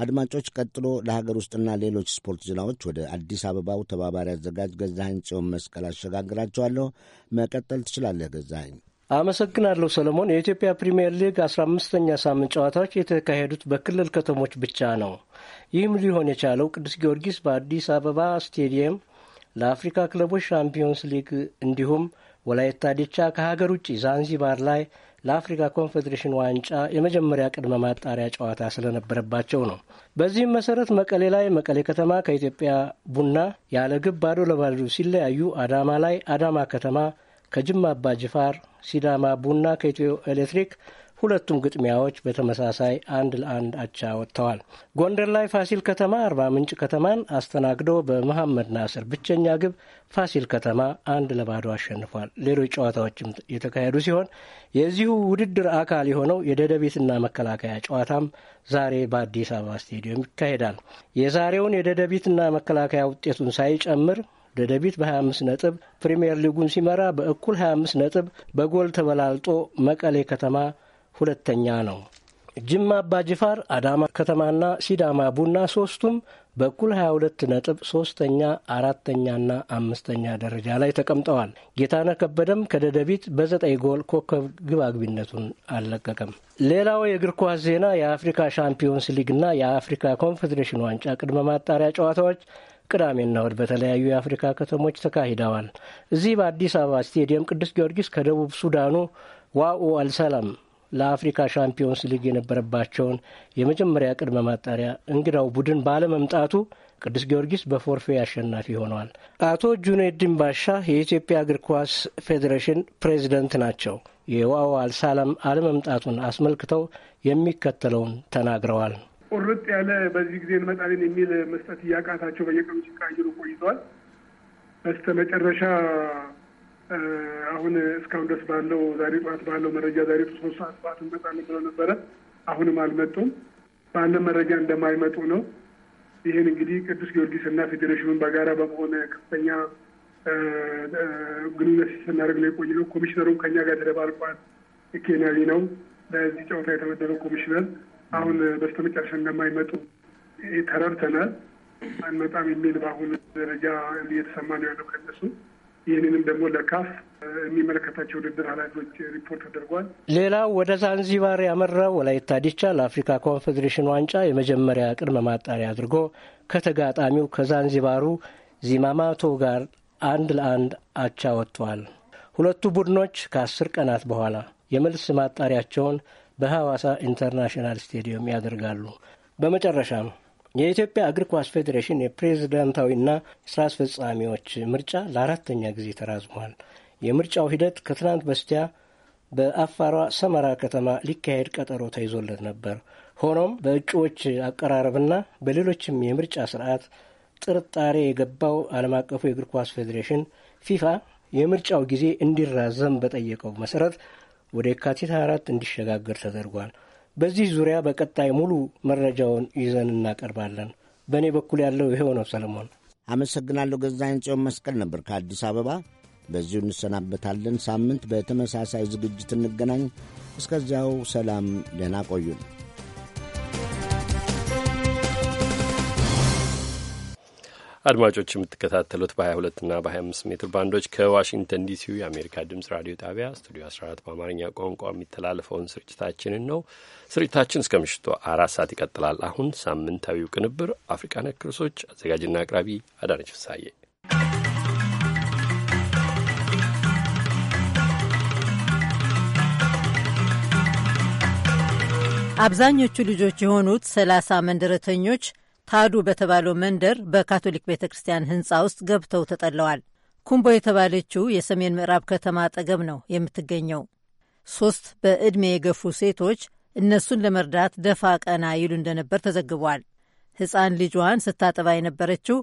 አድማጮች፣ ቀጥሎ ለሀገር ውስጥና ሌሎች ስፖርት ዜናዎች ወደ አዲስ አበባው ተባባሪ አዘጋጅ ገዛኸኝ ጽዮን መስቀል አሸጋግራቸዋለሁ። መቀጠል ትችላለህ ገዛኸኝ። አመሰግናለሁ ሰለሞን። የኢትዮጵያ ፕሪምየር ሊግ አስራ አምስተኛ ሳምንት ጨዋታዎች የተካሄዱት በክልል ከተሞች ብቻ ነው። ይህም ሊሆን የቻለው ቅዱስ ጊዮርጊስ በአዲስ አበባ ስቴዲየም ለአፍሪካ ክለቦች ሻምፒዮንስ ሊግ እንዲሁም ወላይታ ዲቻ ከሀገር ውጭ ዛንዚባር ላይ ለአፍሪካ ኮንፌዴሬሽን ዋንጫ የመጀመሪያ ቅድመ ማጣሪያ ጨዋታ ስለነበረባቸው ነው። በዚህም መሰረት መቀሌ ላይ መቀሌ ከተማ ከኢትዮጵያ ቡና ያለ ግብ ባዶ ለባዶ ሲለያዩ፣ አዳማ ላይ አዳማ ከተማ ከጅማ አባ ጅፋር፣ ሲዳማ ቡና ከኢትዮ ኤሌክትሪክ ሁለቱም ግጥሚያዎች በተመሳሳይ አንድ ለአንድ አቻ ወጥተዋል። ጎንደር ላይ ፋሲል ከተማ አርባ ምንጭ ከተማን አስተናግዶ በመሐመድ ናስር ብቸኛ ግብ ፋሲል ከተማ አንድ ለባዶ አሸንፏል። ሌሎች ጨዋታዎችም የተካሄዱ ሲሆን የዚሁ ውድድር አካል የሆነው የደደቢትና መከላከያ ጨዋታም ዛሬ በአዲስ አበባ ስቴዲየም ይካሄዳል። የዛሬውን የደደቢትና መከላከያ ውጤቱን ሳይጨምር ደደቢት በ25 ነጥብ ፕሪምየር ሊጉን ሲመራ በእኩል 25 ነጥብ በጎል ተበላልጦ መቀሌ ከተማ ሁለተኛ ነው። ጅማ አባጅፋር፣ አዳማ ከተማና ሲዳማ ቡና ሶስቱም በኩል 22 ነጥብ ሶስተኛ አራተኛና አምስተኛ ደረጃ ላይ ተቀምጠዋል። ጌታነህ ከበደም ከደደቢት በዘጠኝ ጎል ኮከብ ግባግቢነቱን አልለቀቀም። ሌላው የእግር ኳስ ዜና የአፍሪካ ሻምፒዮንስ ሊግና የአፍሪካ ኮንፌዴሬሽን ዋንጫ ቅድመ ማጣሪያ ጨዋታዎች ቅዳሜና እሁድ በተለያዩ የአፍሪካ ከተሞች ተካሂደዋል። እዚህ በአዲስ አበባ ስቴዲየም ቅዱስ ጊዮርጊስ ከደቡብ ሱዳኑ ዋኡ አልሰላም ለአፍሪካ ሻምፒዮንስ ሊግ የነበረባቸውን የመጀመሪያ ቅድመ ማጣሪያ እንግዳው ቡድን ባለመምጣቱ ቅዱስ ጊዮርጊስ በፎርፌ አሸናፊ ሆኗል። አቶ ጁኔዲን ባሻ የኢትዮጵያ እግር ኳስ ፌዴሬሽን ፕሬዚደንት ናቸው። የዋው አልሳላም አለመምጣቱን አስመልክተው የሚከተለውን ተናግረዋል። ቁርጥ ያለ በዚህ ጊዜ እንመጣለን የሚል መስጠት እያቃታቸው በየቀኑ ሲቃይሩ ቆይተዋል። በስተ መጨረሻ አሁን እስካሁን ድረስ ባለው ዛሬ ጠዋት ባለው መረጃ ዛሬ ሶስት ሰዓት ጠዋት እንመጣለን ብለው ነበረ። አሁንም አልመጡም። ባለ መረጃ እንደማይመጡ ነው። ይህን እንግዲህ ቅዱስ ጊዮርጊስ እና ፌዴሬሽኑን በጋራ በመሆን ከፍተኛ ግንኙነት ስናደርግ ነው የቆየ ነው። ኮሚሽነሩም ከኛ ጋር ተደባልቋል። ኬንያዊ ነው ለዚህ ጨዋታ የተመደበው ኮሚሽነር። አሁን በስተመጨረሻ እንደማይመጡ ተረድተናል። አንመጣም የሚል በአሁኑ ደረጃ እየተሰማ ነው ያለው ከነሱ ይህንንም ደግሞ ለካፍ የሚመለከታቸው ውድድር ኃላፊዎች ሪፖርት ተደርጓል። ሌላው ወደ ዛንዚባር ያመራው ወላይታ ዲቻ ለአፍሪካ ኮንፌዴሬሽን ዋንጫ የመጀመሪያ ቅድመ ማጣሪያ አድርጎ ከተጋጣሚው ከዛንዚባሩ ዚማማቶ ጋር አንድ ለአንድ አቻ ወጥቷል። ሁለቱ ቡድኖች ከአስር ቀናት በኋላ የመልስ ማጣሪያቸውን በሐዋሳ ኢንተርናሽናል ስቴዲየም ያደርጋሉ። በመጨረሻም የኢትዮጵያ እግር ኳስ ፌዴሬሽን የፕሬዝዳንታዊና የስራ አስፈጻሚዎች ምርጫ ለአራተኛ ጊዜ ተራዝሟል። የምርጫው ሂደት ከትናንት በስቲያ በአፋሯ ሰመራ ከተማ ሊካሄድ ቀጠሮ ተይዞለት ነበር። ሆኖም በእጩዎች አቀራረብና በሌሎችም የምርጫ ስርዓት ጥርጣሬ የገባው ዓለም አቀፉ የእግር ኳስ ፌዴሬሽን ፊፋ የምርጫው ጊዜ እንዲራዘም በጠየቀው መሰረት ወደ የካቲት 24 እንዲሸጋገር ተደርጓል። በዚህ ዙሪያ በቀጣይ ሙሉ መረጃውን ይዘን እናቀርባለን። በእኔ በኩል ያለው ይኸው ነው። ሰለሞን አመሰግናለሁ። ገዛኝ ጽዮን መስቀል ነበር ከአዲስ አበባ። በዚሁ እንሰናበታለን። ሳምንት በተመሳሳይ ዝግጅት እንገናኝ። እስከዚያው ሰላም፣ ደህና ቆዩን። አድማጮች የምትከታተሉት በ22 እና በ25 ሜትር ባንዶች ከዋሽንግተን ዲሲው የአሜሪካ ድምጽ ራዲዮ ጣቢያ ስቱዲዮ 14 በአማርኛ ቋንቋ የሚተላለፈውን ስርጭታችንን ነው። ስርጭታችን እስከ ምሽቱ አራት ሰዓት ይቀጥላል። አሁን ሳምንታዊው ቅንብር አፍሪቃ ነክ ርዕሶች አዘጋጅና አቅራቢ አዳነች ፍሳዬ። አብዛኞቹ ልጆች የሆኑት ሰላሳ መንደረተኞች ታዱ በተባለው መንደር በካቶሊክ ቤተ ክርስቲያን ህንፃ ውስጥ ገብተው ተጠለዋል። ኩምቦ የተባለችው የሰሜን ምዕራብ ከተማ አጠገብ ነው የምትገኘው። ሶስት በዕድሜ የገፉ ሴቶች እነሱን ለመርዳት ደፋ ቀና ይሉ እንደነበር ተዘግቧል። ሕፃን ልጇን ስታጠባ የነበረችው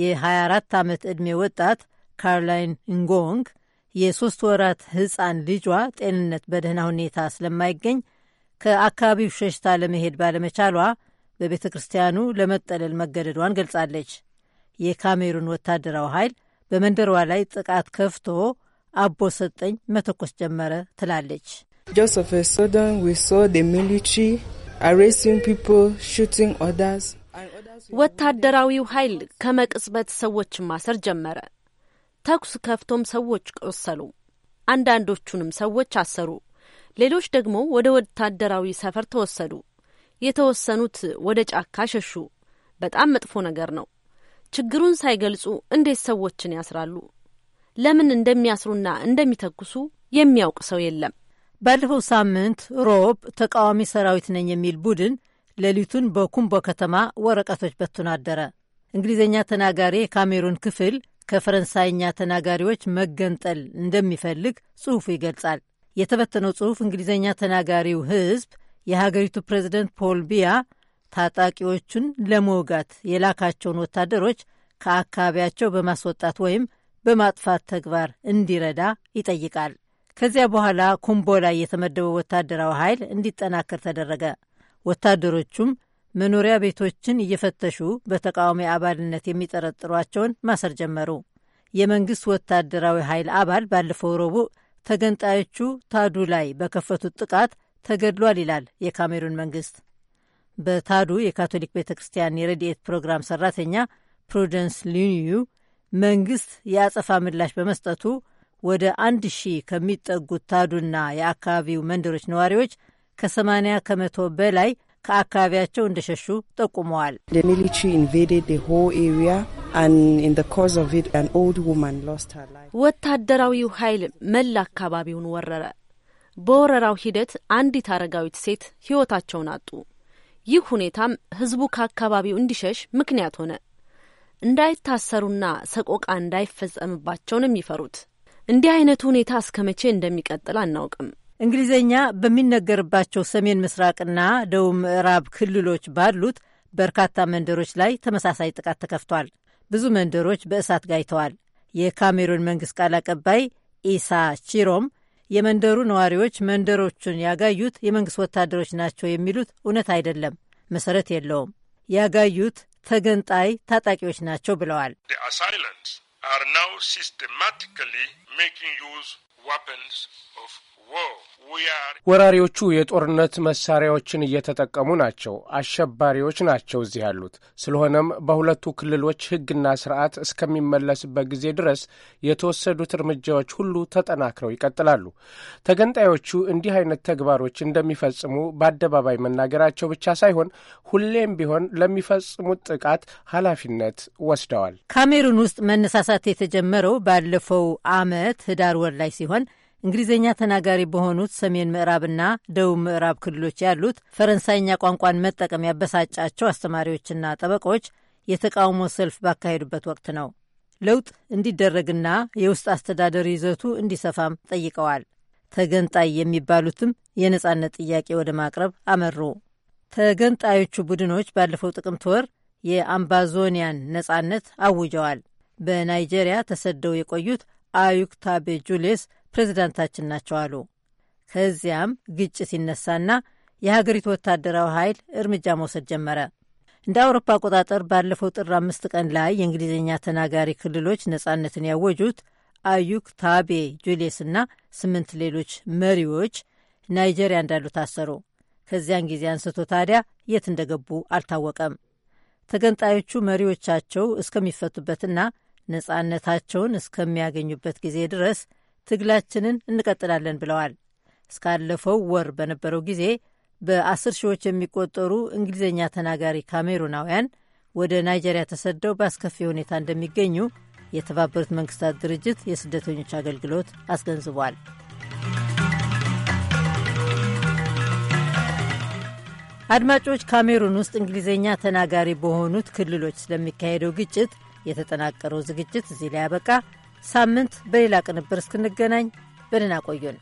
የ24 ዓመት ዕድሜ ወጣት ካርላይን ንጎንግ የሦስት ወራት ሕፃን ልጇ ጤንነት በደህና ሁኔታ ስለማይገኝ ከአካባቢው ሸሽታ ለመሄድ ባለመቻሏ በቤተ ክርስቲያኑ ለመጠለል መገደዷን ገልጻለች። የካሜሩን ወታደራዊ ኃይል በመንደሯ ላይ ጥቃት ከፍቶ አቦ ሰጠኝ መተኮስ ጀመረ ትላለች። ወታደራዊው ኃይል ከመቅጽበት ሰዎች ማሰር ጀመረ። ተኩስ ከፍቶም ሰዎች ቆሰሉ። አንዳንዶቹንም ሰዎች አሰሩ። ሌሎች ደግሞ ወደ ወታደራዊ ሰፈር ተወሰዱ። የተወሰኑት ወደ ጫካ ሸሹ። በጣም መጥፎ ነገር ነው። ችግሩን ሳይገልጹ እንዴት ሰዎችን ያስራሉ? ለምን እንደሚያስሩና እንደሚተኩሱ የሚያውቅ ሰው የለም። ባለፈው ሳምንት ሮብ ተቃዋሚ ሰራዊት ነኝ የሚል ቡድን ሌሊቱን በኩምቦ ከተማ ወረቀቶች በትኖ አደረ። እንግሊዝኛ ተናጋሪ የካሜሩን ክፍል ከፈረንሳይኛ ተናጋሪዎች መገንጠል እንደሚፈልግ ጽሑፉ ይገልጻል። የተበተነው ጽሑፍ እንግሊዝኛ ተናጋሪው ሕዝብ የሀገሪቱ ፕሬዝደንት ፖል ቢያ ታጣቂዎቹን ለመውጋት የላካቸውን ወታደሮች ከአካባቢያቸው በማስወጣት ወይም በማጥፋት ተግባር እንዲረዳ ይጠይቃል። ከዚያ በኋላ ላይ የተመደበው ወታደራዊ ኃይል እንዲጠናከር ተደረገ። ወታደሮቹም መኖሪያ ቤቶችን እየፈተሹ በተቃዋሚ አባልነት የሚጠረጥሯቸውን ማሰር ጀመሩ። የመንግሥት ወታደራዊ ኃይል አባል ባለፈው ረቡዕ ተገንጣዮቹ ታዱ ላይ በከፈቱት ጥቃት ተገድሏል ይላል የካሜሩን መንግስት። በታዱ የካቶሊክ ቤተ ክርስቲያን የረድኤት ፕሮግራም ሰራተኛ ፕሩደንስ ሊኒዩ መንግስት የአጸፋ ምላሽ በመስጠቱ ወደ አንድ ሺህ ከሚጠጉት ታዱና የአካባቢው መንደሮች ነዋሪዎች ከሰማንያ ከመቶ በላይ ከአካባቢያቸው እንደሸሹ ጠቁመዋል። ወታደራዊው ኃይል መላ አካባቢውን ወረረ። በወረራው ሂደት አንዲት አረጋዊት ሴት ሕይወታቸውን አጡ። ይህ ሁኔታም ሕዝቡ ከአካባቢው እንዲሸሽ ምክንያት ሆነ። እንዳይታሰሩና ሰቆቃ እንዳይፈጸምባቸው ነው የሚፈሩት። እንዲህ አይነቱ ሁኔታ እስከ መቼ እንደሚቀጥል አናውቅም። እንግሊዝኛ በሚነገርባቸው ሰሜን ምስራቅና ደቡብ ምዕራብ ክልሎች ባሉት በርካታ መንደሮች ላይ ተመሳሳይ ጥቃት ተከፍቷል። ብዙ መንደሮች በእሳት ጋይተዋል። የካሜሩን መንግስት ቃል አቀባይ ኢሳ ቺሮም የመንደሩ ነዋሪዎች መንደሮቹን ያጋዩት የመንግስት ወታደሮች ናቸው የሚሉት እውነት አይደለም፣ መሰረት የለውም። ያጋዩት ተገንጣይ ታጣቂዎች ናቸው ብለዋል። ወራሪዎቹ የጦርነት መሳሪያዎችን እየተጠቀሙ ናቸው። አሸባሪዎች ናቸው እዚህ ያሉት። ስለሆነም በሁለቱ ክልሎች ሕግና ስርዓት እስከሚመለስበት ጊዜ ድረስ የተወሰዱት እርምጃዎች ሁሉ ተጠናክረው ይቀጥላሉ። ተገንጣዮቹ እንዲህ አይነት ተግባሮች እንደሚፈጽሙ በአደባባይ መናገራቸው ብቻ ሳይሆን ሁሌም ቢሆን ለሚፈጽሙት ጥቃት ኃላፊነት ወስደዋል። ካሜሩን ውስጥ መነሳሳት የተጀመረው ባለፈው ዓመት ህዳር ወር ላይ ሲሆን እንግሊዝኛ ተናጋሪ በሆኑት ሰሜን ምዕራብና ደቡብ ምዕራብ ክልሎች ያሉት ፈረንሳይኛ ቋንቋን መጠቀም ያበሳጫቸው አስተማሪዎችና ጠበቆች የተቃውሞ ሰልፍ ባካሄዱበት ወቅት ነው። ለውጥ እንዲደረግና የውስጥ አስተዳደር ይዘቱ እንዲሰፋም ጠይቀዋል። ተገንጣይ የሚባሉትም የነጻነት ጥያቄ ወደ ማቅረብ አመሩ። ተገንጣዮቹ ቡድኖች ባለፈው ጥቅምት ወር የአምባዞኒያን ነጻነት አውጀዋል። በናይጄሪያ ተሰደው የቆዩት አዩክታቤ ጁሌስ ፕሬዚዳንታችን ናቸው አሉ። ከዚያም ግጭት ይነሳና የሀገሪቱ ወታደራዊ ኃይል እርምጃ መውሰድ ጀመረ። እንደ አውሮፓ አቆጣጠር ባለፈው ጥር አምስት ቀን ላይ የእንግሊዝኛ ተናጋሪ ክልሎች ነጻነትን ያወጁት አዩክ ታቤ እና ስምንት ሌሎች መሪዎች ናይጄሪያ እንዳሉ ታሰሩ። ከዚያን ጊዜ አንስቶ ታዲያ የት እንደገቡ አልታወቀም። ተገንጣዮቹ መሪዎቻቸው እስከሚፈቱበትና ነጻነታቸውን እስከሚያገኙበት ጊዜ ድረስ ትግላችንን እንቀጥላለን ብለዋል። እስካለፈው ወር በነበረው ጊዜ በአስር ሺዎች የሚቆጠሩ እንግሊዝኛ ተናጋሪ ካሜሩናውያን ወደ ናይጄሪያ ተሰደው በአስከፊ ሁኔታ እንደሚገኙ የተባበሩት መንግስታት ድርጅት የስደተኞች አገልግሎት አስገንዝቧል። አድማጮች፣ ካሜሩን ውስጥ እንግሊዝኛ ተናጋሪ በሆኑት ክልሎች ስለሚካሄደው ግጭት የተጠናቀረው ዝግጅት እዚህ ላይ ያበቃ። ሳምንት በሌላ ቅንብር እስክንገናኝ በደህና ቆዩን።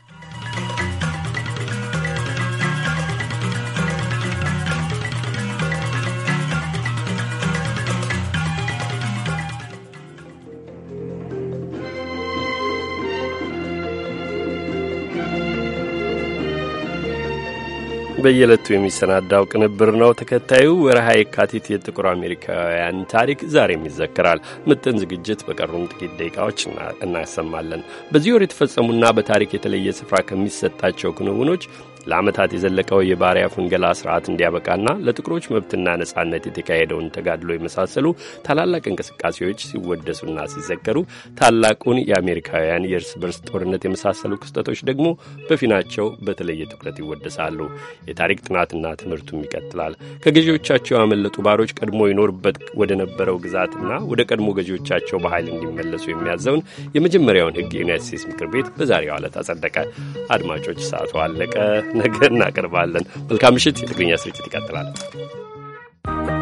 በየዕለቱ የሚሰናዳው ቅንብር ነው። ተከታዩ ወርሃ የካቲት የጥቁር አሜሪካውያን ታሪክ ዛሬም ይዘክራል። ምጥን ዝግጅት በቀሩን ጥቂት ደቂቃዎች እናሰማለን። በዚህ ወር የተፈጸሙና በታሪክ የተለየ ስፍራ ከሚሰጣቸው ክንውኖች ለዓመታት የዘለቀው የባሪያ ፍንገላ ስርዓት እንዲያበቃና ለጥቁሮች መብትና ነጻነት የተካሄደውን ተጋድሎ የመሳሰሉ ታላላቅ እንቅስቃሴዎች ሲወደሱና ሲዘከሩ ታላቁን የአሜሪካውያን የእርስ በርስ ጦርነት የመሳሰሉ ክስተቶች ደግሞ በፊናቸው በተለየ ትኩረት ይወደሳሉ። የታሪክ ጥናትና ትምህርቱም ይቀጥላል። ከገዢዎቻቸው ያመለጡ ባሮች ቀድሞ ይኖርበት ወደ ነበረው ግዛትና ወደ ቀድሞ ገዢዎቻቸው በኃይል እንዲመለሱ የሚያዘውን የመጀመሪያውን ሕግ የዩናይት ስቴትስ ምክር ቤት በዛሬው ዕለት አጸደቀ። አድማጮች ሰዓቱ አለቀ። ነገ እናቀርባለን። መልካም ምሽት። የትግርኛ ስርጭት ይቀጥላል።